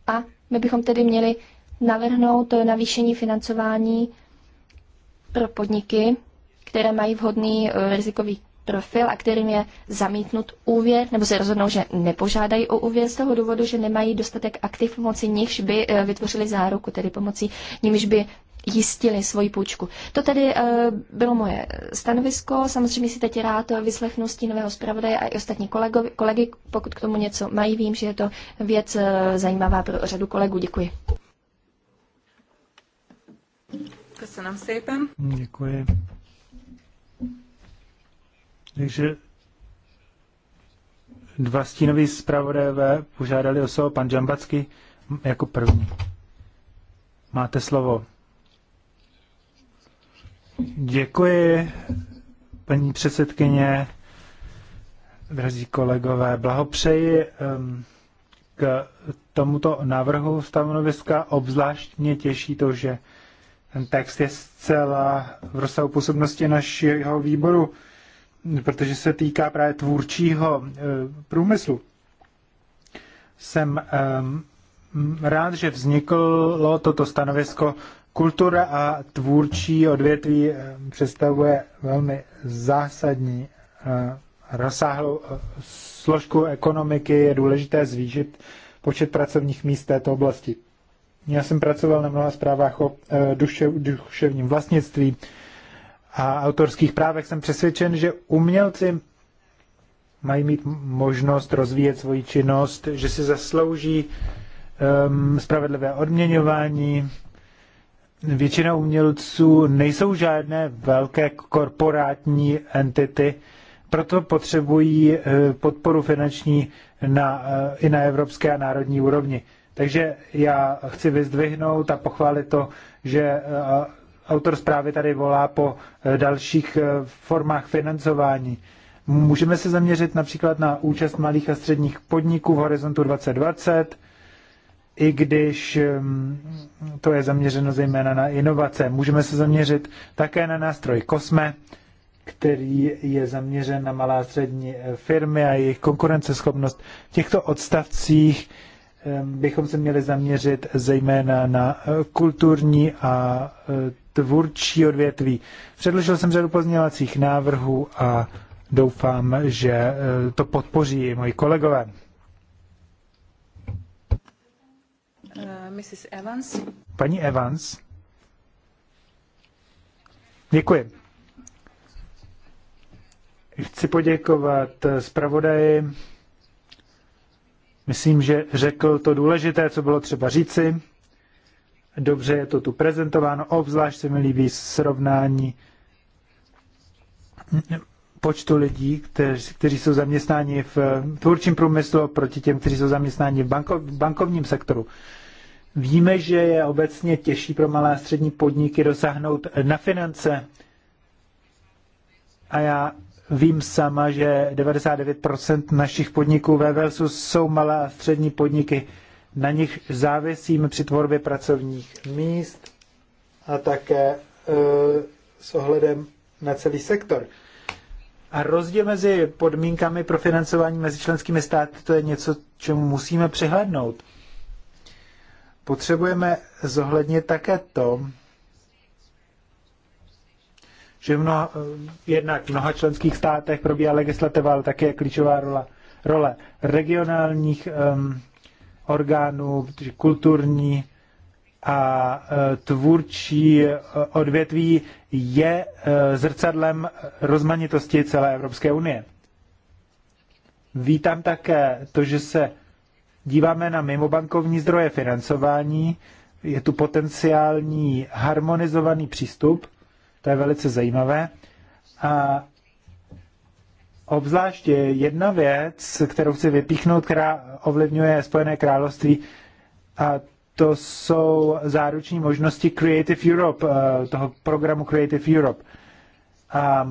a my bychom tedy měli navrhnout navýšení financování pro podniky, které mají vhodný eh, rizikový profil a kterým je zamítnut úvěr, nebo se rozhodnou, že nepožádají o úvěr z toho důvodu, že nemají dostatek aktiv pomocí nichž by eh, vytvořili záruku, tedy pomocí nimiž by jistili svoji půjčku. To tedy eh, bylo moje stanovisko. Samozřejmě si teď rád vyslechnu stínového zpravodaje a i ostatní kolegovi, kolegy, pokud k tomu něco mají. Vím, že je to věc zajímavá pro řadu kolegů. Děkuji. Köszönöm szépen. Děkuji. Takže dva stínoví zpravodajové požádali o slovo pan Džambacky jako první. Máte slovo. Děkuji, paní předsedkyně, drazí kolegové. Blahopřeji ehm, k tomuto návrhu stanoviska. Obzvlášť mě těší to, že ten text je zcela v rozsahu působnosti našeho výboru, protože se týká právě tvůrčího eh, průmyslu. Jsem eh, rád, že vzniklo toto stanovisko. Kultura a tvůrčí odvětví eh, představuje velmi zásadní rozsáhlou složku ekonomiky. Je důležité zvýšit počet pracovních míst v této oblasti. Já jsem pracoval na mnoha zprávách o e, duše, duševním vlastnictví a autorských právech. Jsem přesvědčen, že umělci mají mít možnost rozvíjet svoji činnost, že si zaslouží um, spravedlivé odměňování. Většina umělců nejsou žádné velké korporátní entity, proto potřebují e, podporu finanční na, e, i na evropské a národní úrovni. Takže já chci vyzdvihnout a pochválit to, že e, autor zprávy tady volá po e, dalších e, formách financování. Můžeme se zaměřit například na účast malých a středních podniků v Horizontu 2020, i když to je zaměřeno zejména na inovace. Můžeme se zaměřit také na nástroj COSME, který je zaměřen na malá a střední firmy a jejich konkurenceschopnost. V těchto odstavcích bychom se měli zaměřit zejména na eh, kulturní a eh, tvůrčí odvětví. Předložil jsem řadu pozměňovacích návrhů a doufám, že eh, to podpoří i moji kolegové. Mrs. Evans. Paní Evans. Děkuji. Chci poděkovat zpravodaji Myslím, že řekl to důležité, co bylo třeba říci. Dobře je to tu prezentováno, obzvlášť se mi líbí srovnání počtu lidí, kteří, kteří jsou zaměstnáni v tvůrčím průmyslu proti těm, kteří jsou zaměstnáni v banko, bankovním sektoru. Víme, že je obecně těžší pro malé a střední podniky dosáhnout na finance. A já Vím sama, že 99% našich podniků ve Velsu jsou malé a střední podniky. Na nich závisíme při tvorbě pracovních míst a také e, s ohledem na celý sektor. A rozdíl mezi podmínkami pro financování mezi členskými státy, to je něco, čemu musíme přihlednout. Potřebujeme zohlednit také to, že mnoha, jednak v mnoha členských státech probíhá legislativa, ale také je klíčová rola, role regionálních um, orgánů, kulturní a uh, tvůrčí e, odvětví je uh, zrcadlem rozmanitosti celé Evropské unie. Vítám také to, že se díváme na mimobankovní zdroje financování, je tu potenciální harmonizovaný přístup, to je velice zajímavé. A obzvláště jedna věc, kterou chci vypíchnout, která ovlivňuje Spojené království, a to jsou záruční možnosti Creative Europe, eh, toho programu Creative Europe. A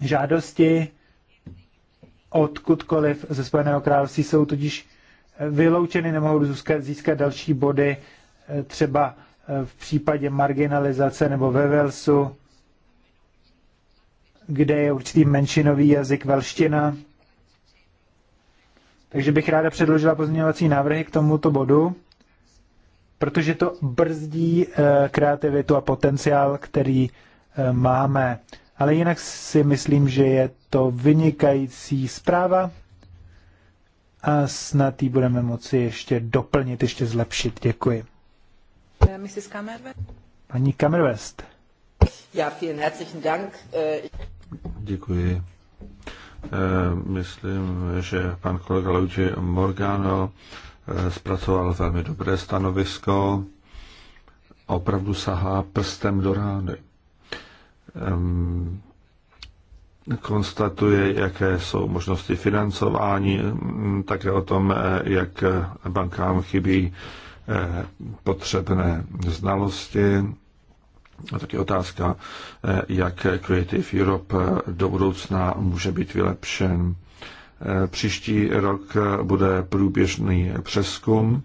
žádosti odkudkoliv ze Spojeného království jsou totiž vyloučeny, nemohou získat, získat další body eh, třeba v případě marginalizace nebo ve Velsu, kde je určitý menšinový jazyk velština. Takže bych ráda předložila pozměňovací návrhy k tomuto bodu, protože to brzdí eh, kreativitu a potenciál, který eh, máme. Ale jinak si myslím, že je to vynikající zpráva a snad ji budeme moci ještě doplnit, ještě zlepšit. Děkuji. Mrs. Paní Kamerwest. Já, vielen herzlichen Dank. Eh, Děkuji. Eh, myslím, že pan kolega Luigi Morgano eh, zpracoval velmi dobré stanovisko. Opravdu sahá prstem do rány. Ehm, konstatuje, jaké jsou možnosti financování, také o tom, jak bankám chybí Eh, potřebné znalosti. A taky otázka, eh, jak Creative Europe eh, do budoucna může být vylepšen. Příští rok bude průběžný přeskum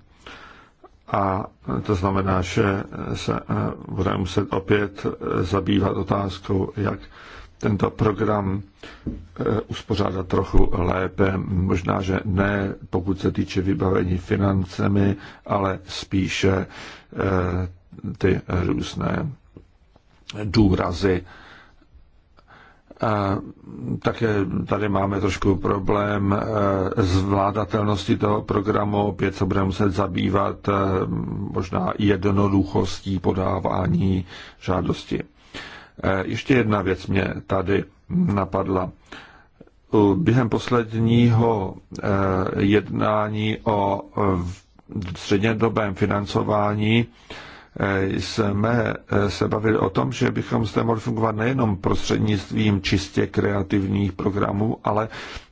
a to znamená, že se budeme muset opět zabývat otázkou, jak tento program eh, uspořádat trochu lépe. Možná, že ne pokud se týče vybavení financemi, ale spíše eh, ty různé důrazy. Také tady máme trošku problém zvládatelnosti eh, toho programu. Opět se budeme muset zabývat možná jednoduchostí podávání žádosti. Eh, ještě jedna věc mě tady napadla. Během posledního eh, jednání o eh, střednědobém financování jsme se bavili o tom, že bychom zde mohli fungovat nejenom prostřednictvím čistě kreativních programů, ale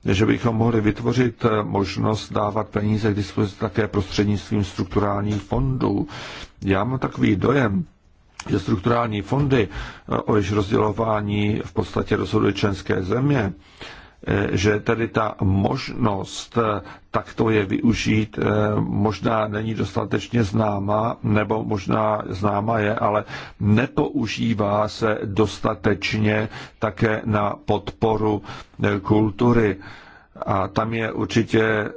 že bychom mohli vytvořit možnost dávat peníze k dispozici také prostřednictvím strukturálních fondů. Já mám takový dojem, že strukturální fondy, eh, o jejich rozdělování v podstatě rozhoduje členské země, eh, že tady ta možnost eh, takto je využít možná není dostatečně známa, nebo možná známa je, ale nepoužívá se dostatečně také na podporu kultury a tam je určitě e, e,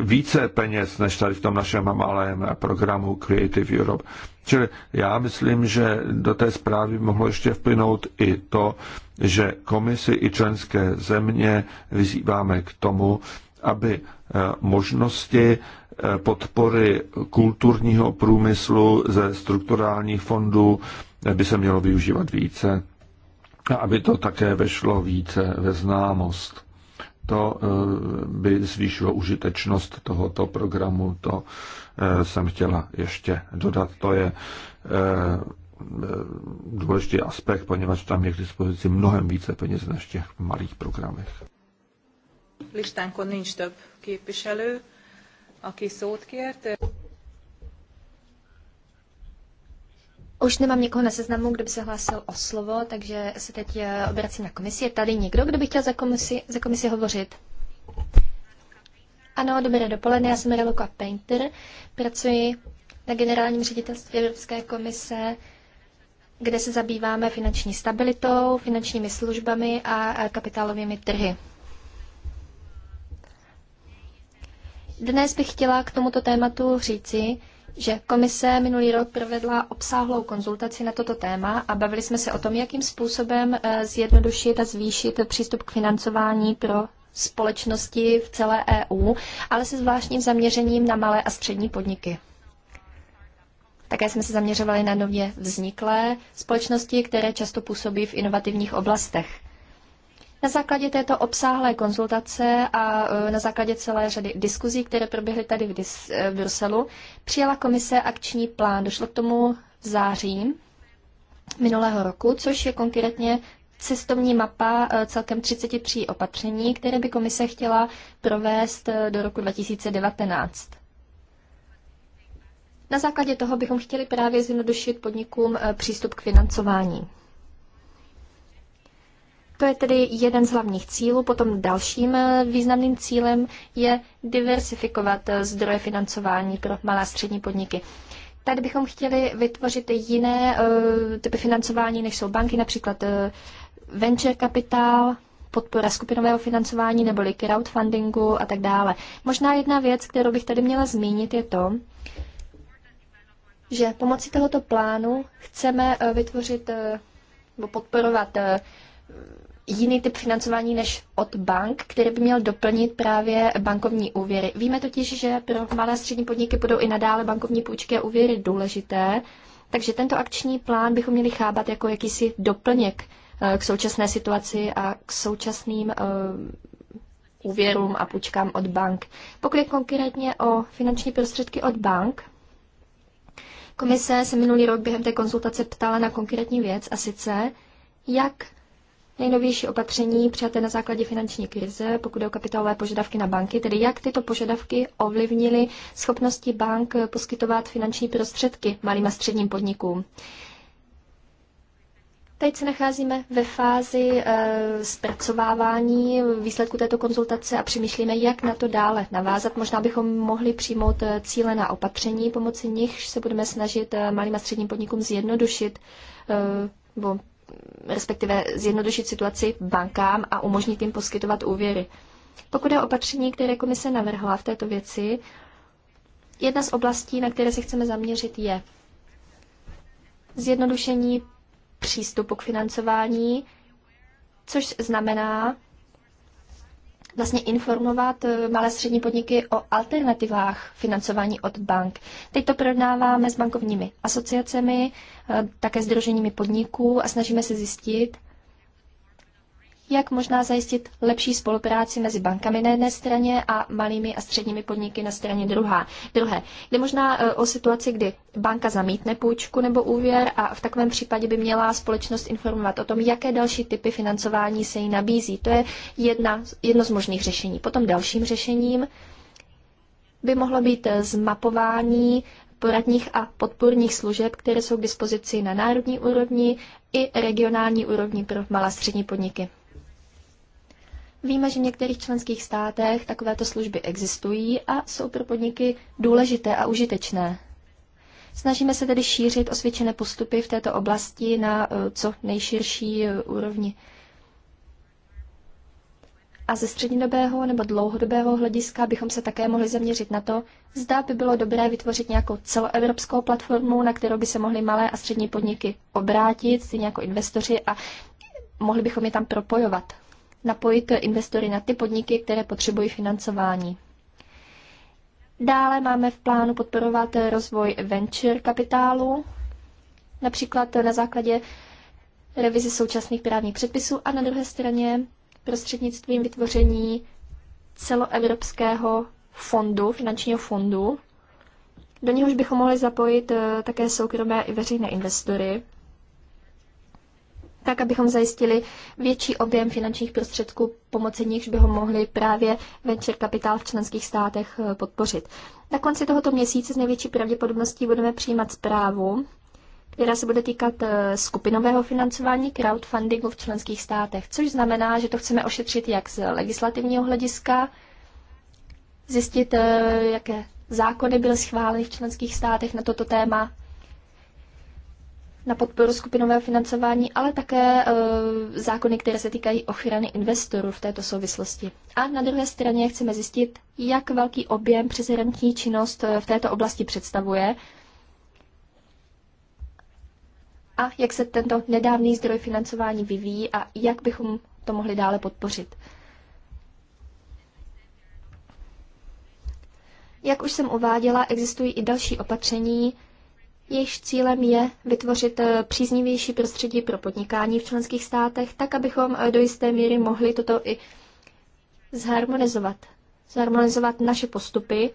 více peněz než tady v tom našem malém programu Creative Europe. Čili já myslím, že do té zprávy mohlo ještě vplynout i to, že komisi i členské země vyzýváme k tomu, aby e, možnosti podpory kulturního průmyslu ze strukturálních fondů by se mělo využívat více a aby to také vešlo více ve známost to eh, by zvýšilo užitečnost tohoto programu. To eh, jsem chtěla ještě dodat. To je eh, důležitý aspekt, poněvadž tam je k dispozici mnohem více peněz než v těch malých programech. Listánko nincs több képviselő, aki szót kért. Už nemám někoho na seznamu, kdo by se hlásil o slovo, takže se teď eh, obracím na komisi. Je tady někdo, kdo by chtěl za komisi, za komisi hovořit? Ano, dobré dopoledne, já jsem Reluka Painter, pracuji na generálním ředitelství Evropské komise, kde se zabýváme finanční stabilitou, finančními službami a kapitálovými trhy. Dnes bych chtěla k tomuto tématu říci, že komise minulý rok provedla obsáhlou konzultaci na toto téma a bavili jsme se o tom, jakým způsobem eh, zjednodušit a zvýšit přístup k financování pro společnosti v celé EU, ale se zvláštním zaměřením na malé a střední podniky. Také jsme se zaměřovali na nově vzniklé společnosti, které často působí v inovativních oblastech. Na základě této obsáhlé konzultace a e, na základě celé řady diskuzí, které proběhly tady v, Dis- e, v Bruselu, přijala komise akční plán. Došlo k tomu v září minulého roku, což je konkrétně cestovní mapa e, celkem 33 opatření, které by komise chtěla provést do roku 2019. Na základě toho bychom chtěli právě zjednodušit podnikům přístup k financování. To je tedy jeden z hlavních cílů. Potom dalším eh, významným cílem je diversifikovat eh, zdroje financování pro malé a střední podniky. Tady bychom chtěli vytvořit jiné uh, typy financování, než jsou banky, například uh, venture kapitál, podpora skupinového financování neboli crowdfundingu a tak dále. Možná jedna věc, kterou bych tady měla zmínit, je to, že pomocí tohoto plánu chceme vytvořit nebo podporovat jiný typ financování než od bank, který by měl doplnit právě bankovní úvěry. Víme totiž, že pro malé a střední podniky budou i nadále bankovní půjčky a úvěry důležité, takže tento akční plán bychom měli chápat jako jakýsi doplněk eh, k současné situaci a k současným eh, úvěrům a půjčkám od bank. Pokud je konkrétně o finanční prostředky od bank, komise se minulý rok během té konzultace ptala na konkrétní věc a sice, jak nejnovější opatření přijaté na základě finanční krize, pokud jde o kapitálové požadavky na banky, tedy jak tyto požadavky ovlivnily schopnosti bank poskytovat finanční prostředky malým a středním podnikům. Teď se nacházíme ve fázi e, zpracovávání výsledku této konzultace a přemýšlíme, jak na to dále navázat. Možná bychom mohli přijmout eh, cíle na opatření, pomocí nich se budeme snažit eh, malým a středním podnikům zjednodušit e, nebo respektive zjednodušit situaci bankám a umožnit jim poskytovat úvěry. Pokud je opatření, které komise navrhla v této věci, jedna z oblastí, na které se chceme zaměřit, je zjednodušení přístupu k financování, což znamená vlastně informovat eh, malé střední podniky o alternativách financování od bank. Teď to prodáváme s bankovními asociacemi, eh, také sdruženími podniků a snažíme se zjistit, jak možná zajistit lepší spolupráci mezi bankami na jedné straně a malými a středními podniky na straně druhá. druhé. Jde možná e, o situaci, kdy banka zamítne půjčku nebo úvěr a v takovém případě by měla společnost informovat o tom, jaké další typy financování se jí nabízí. To je jedna, jedno z možných řešení. Potom dalším řešením by mohlo být e, zmapování poradních a podpůrných služeb, které jsou k dispozici na národní úrovni i regionální úrovni pro malá střední podniky. Víme, že v některých členských státech takovéto služby existují a jsou pro podniky důležité a užitečné. Snažíme se tedy šířit osvědčené postupy v této oblasti na eh, co nejširší eh, úrovni. A ze střednědobého nebo dlouhodobého hlediska bychom se také mohli zaměřit na to, zda by bylo dobré vytvořit nějakou celoevropskou platformu, na kterou by se mohly malé a střední podniky obrátit, stejně jako investoři a mohli bychom je tam propojovat napojit investory na ty podniky, které potřebují financování. Dále máme v plánu podporovat rozvoj venture kapitálu, například na základě revize současných právních předpisů a na druhé straně prostřednictvím vytvoření celoevropského fondu, finančního fondu, do něhož bychom mohli zapojit eh, také soukromé i veřejné investory, tak abychom zajistili větší objem finančních prostředků, pomocí nichž by ho mohli právě venture kapitál v členských státech eh, podpořit. Na konci tohoto měsíce s největší pravděpodobností budeme přijímat zprávu, která se bude týkat eh, skupinového financování crowdfundingu v členských státech, což znamená, že to chceme ošetřit jak z legislativního hlediska, zjistit, eh, jaké zákony byly schváleny v členských státech na toto téma na podporu skupinového financování, ale také e, zákony, které se týkají ochrany investorů v této souvislosti. A na druhé straně chceme zjistit, jak velký objem přeshraniční činnost e, v této oblasti představuje a jak se tento nedávný zdroj financování vyvíjí a jak bychom to mohli dále podpořit. Jak už jsem uváděla, existují i další opatření, Jejíž cílem je vytvořit eh, příznivější prostředí pro podnikání v členských státech, tak abychom eh, do jisté míry mohli toto i zharmonizovat. Zharmonizovat naše postupy,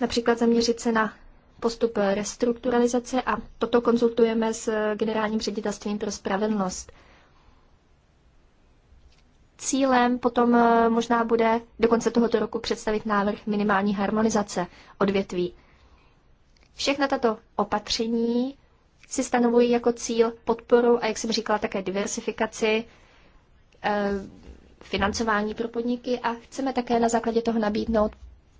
například zaměřit se na postup eh, restrukturalizace a toto konzultujeme s generálním ředitelstvím pro spravedlnost. Cílem potom možná bude do konce tohoto roku představit návrh minimální harmonizace odvětví. Všechna tato opatření si stanovují jako cíl podporu a, jak jsem říkala, také diversifikaci eh, financování pro podniky a chceme také na základě toho nabídnout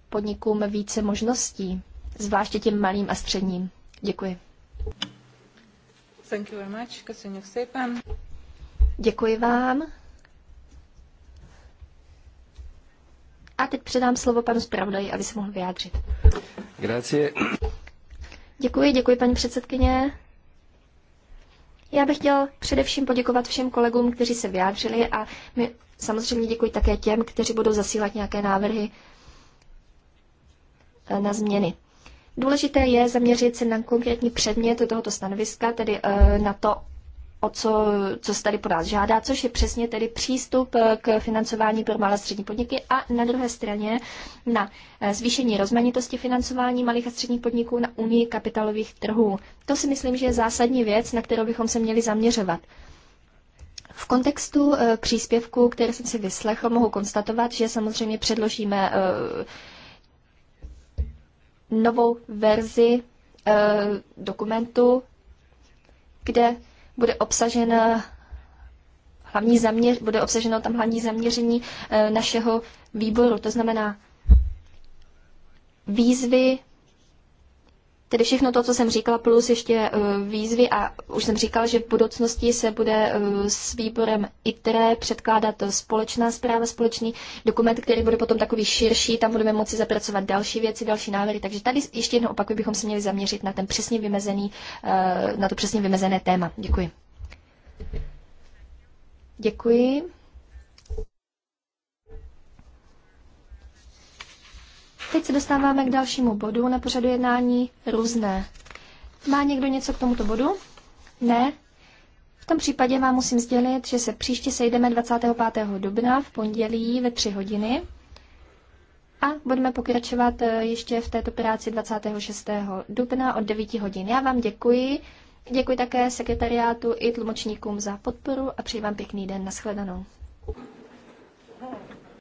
podnikům více možností, zvláště těm malým a středním. Děkuji. Thank you very much. Děkuji vám. A teď předám slovo panu zpravodaji, aby se mohl vyjádřit. Grazie. Děkuji, děkuji paní předsedkyně. Já bych chtěl především poděkovat všem kolegům, kteří se vyjádřili a my samozřejmě děkuji také těm, kteří budou zasílat nějaké návrhy eh, na změny. Důležité je zaměřit se na konkrétní předmět tohoto stanoviska, tedy eh, na to, o co, co se tady po nás žádá, což je přesně tedy přístup eh, k financování pro malé a střední podniky a na druhé straně na eh, zvýšení rozmanitosti financování malých a středních podniků na unii kapitálových trhů. To si myslím, že je zásadní věc, na kterou bychom se měli zaměřovat. V kontextu eh, příspěvku, který jsem si vyslechl, mohu konstatovat, že samozřejmě předložíme novou verzi dokumentu, kde bude obsažena eh, hlavní zaměř, bude obsaženo tam hlavní zaměření eh, našeho výboru, to znamená výzvy Tedy všechno to, co jsem říkala, plus ještě e, výzvy a už jsem říkala, že v budoucnosti se bude e, s výborem ITRE předkládat společná zpráva, společný dokument, který bude potom takový širší, tam budeme moci zapracovat další věci, další návrhy. Takže tady ještě jednou opakuju, bychom se měli zaměřit na ten přesně vymezený, e, na to přesně vymezené téma. Děkuji. Děkuji. Teď se dostáváme k dalšímu bodu na pořadu jednání různé. Má někdo něco k tomuto bodu? Ne? V tom případě vám musím sdělit, že se příště sejdeme 25. dubna v pondělí ve 3 hodiny a budeme pokračovat eh, ještě v této práci 26. dubna od 9 hodin. Já vám děkuji. Děkuji také sekretariátu i tlumočníkům za podporu a přeji vám pěkný den. Naschledanou.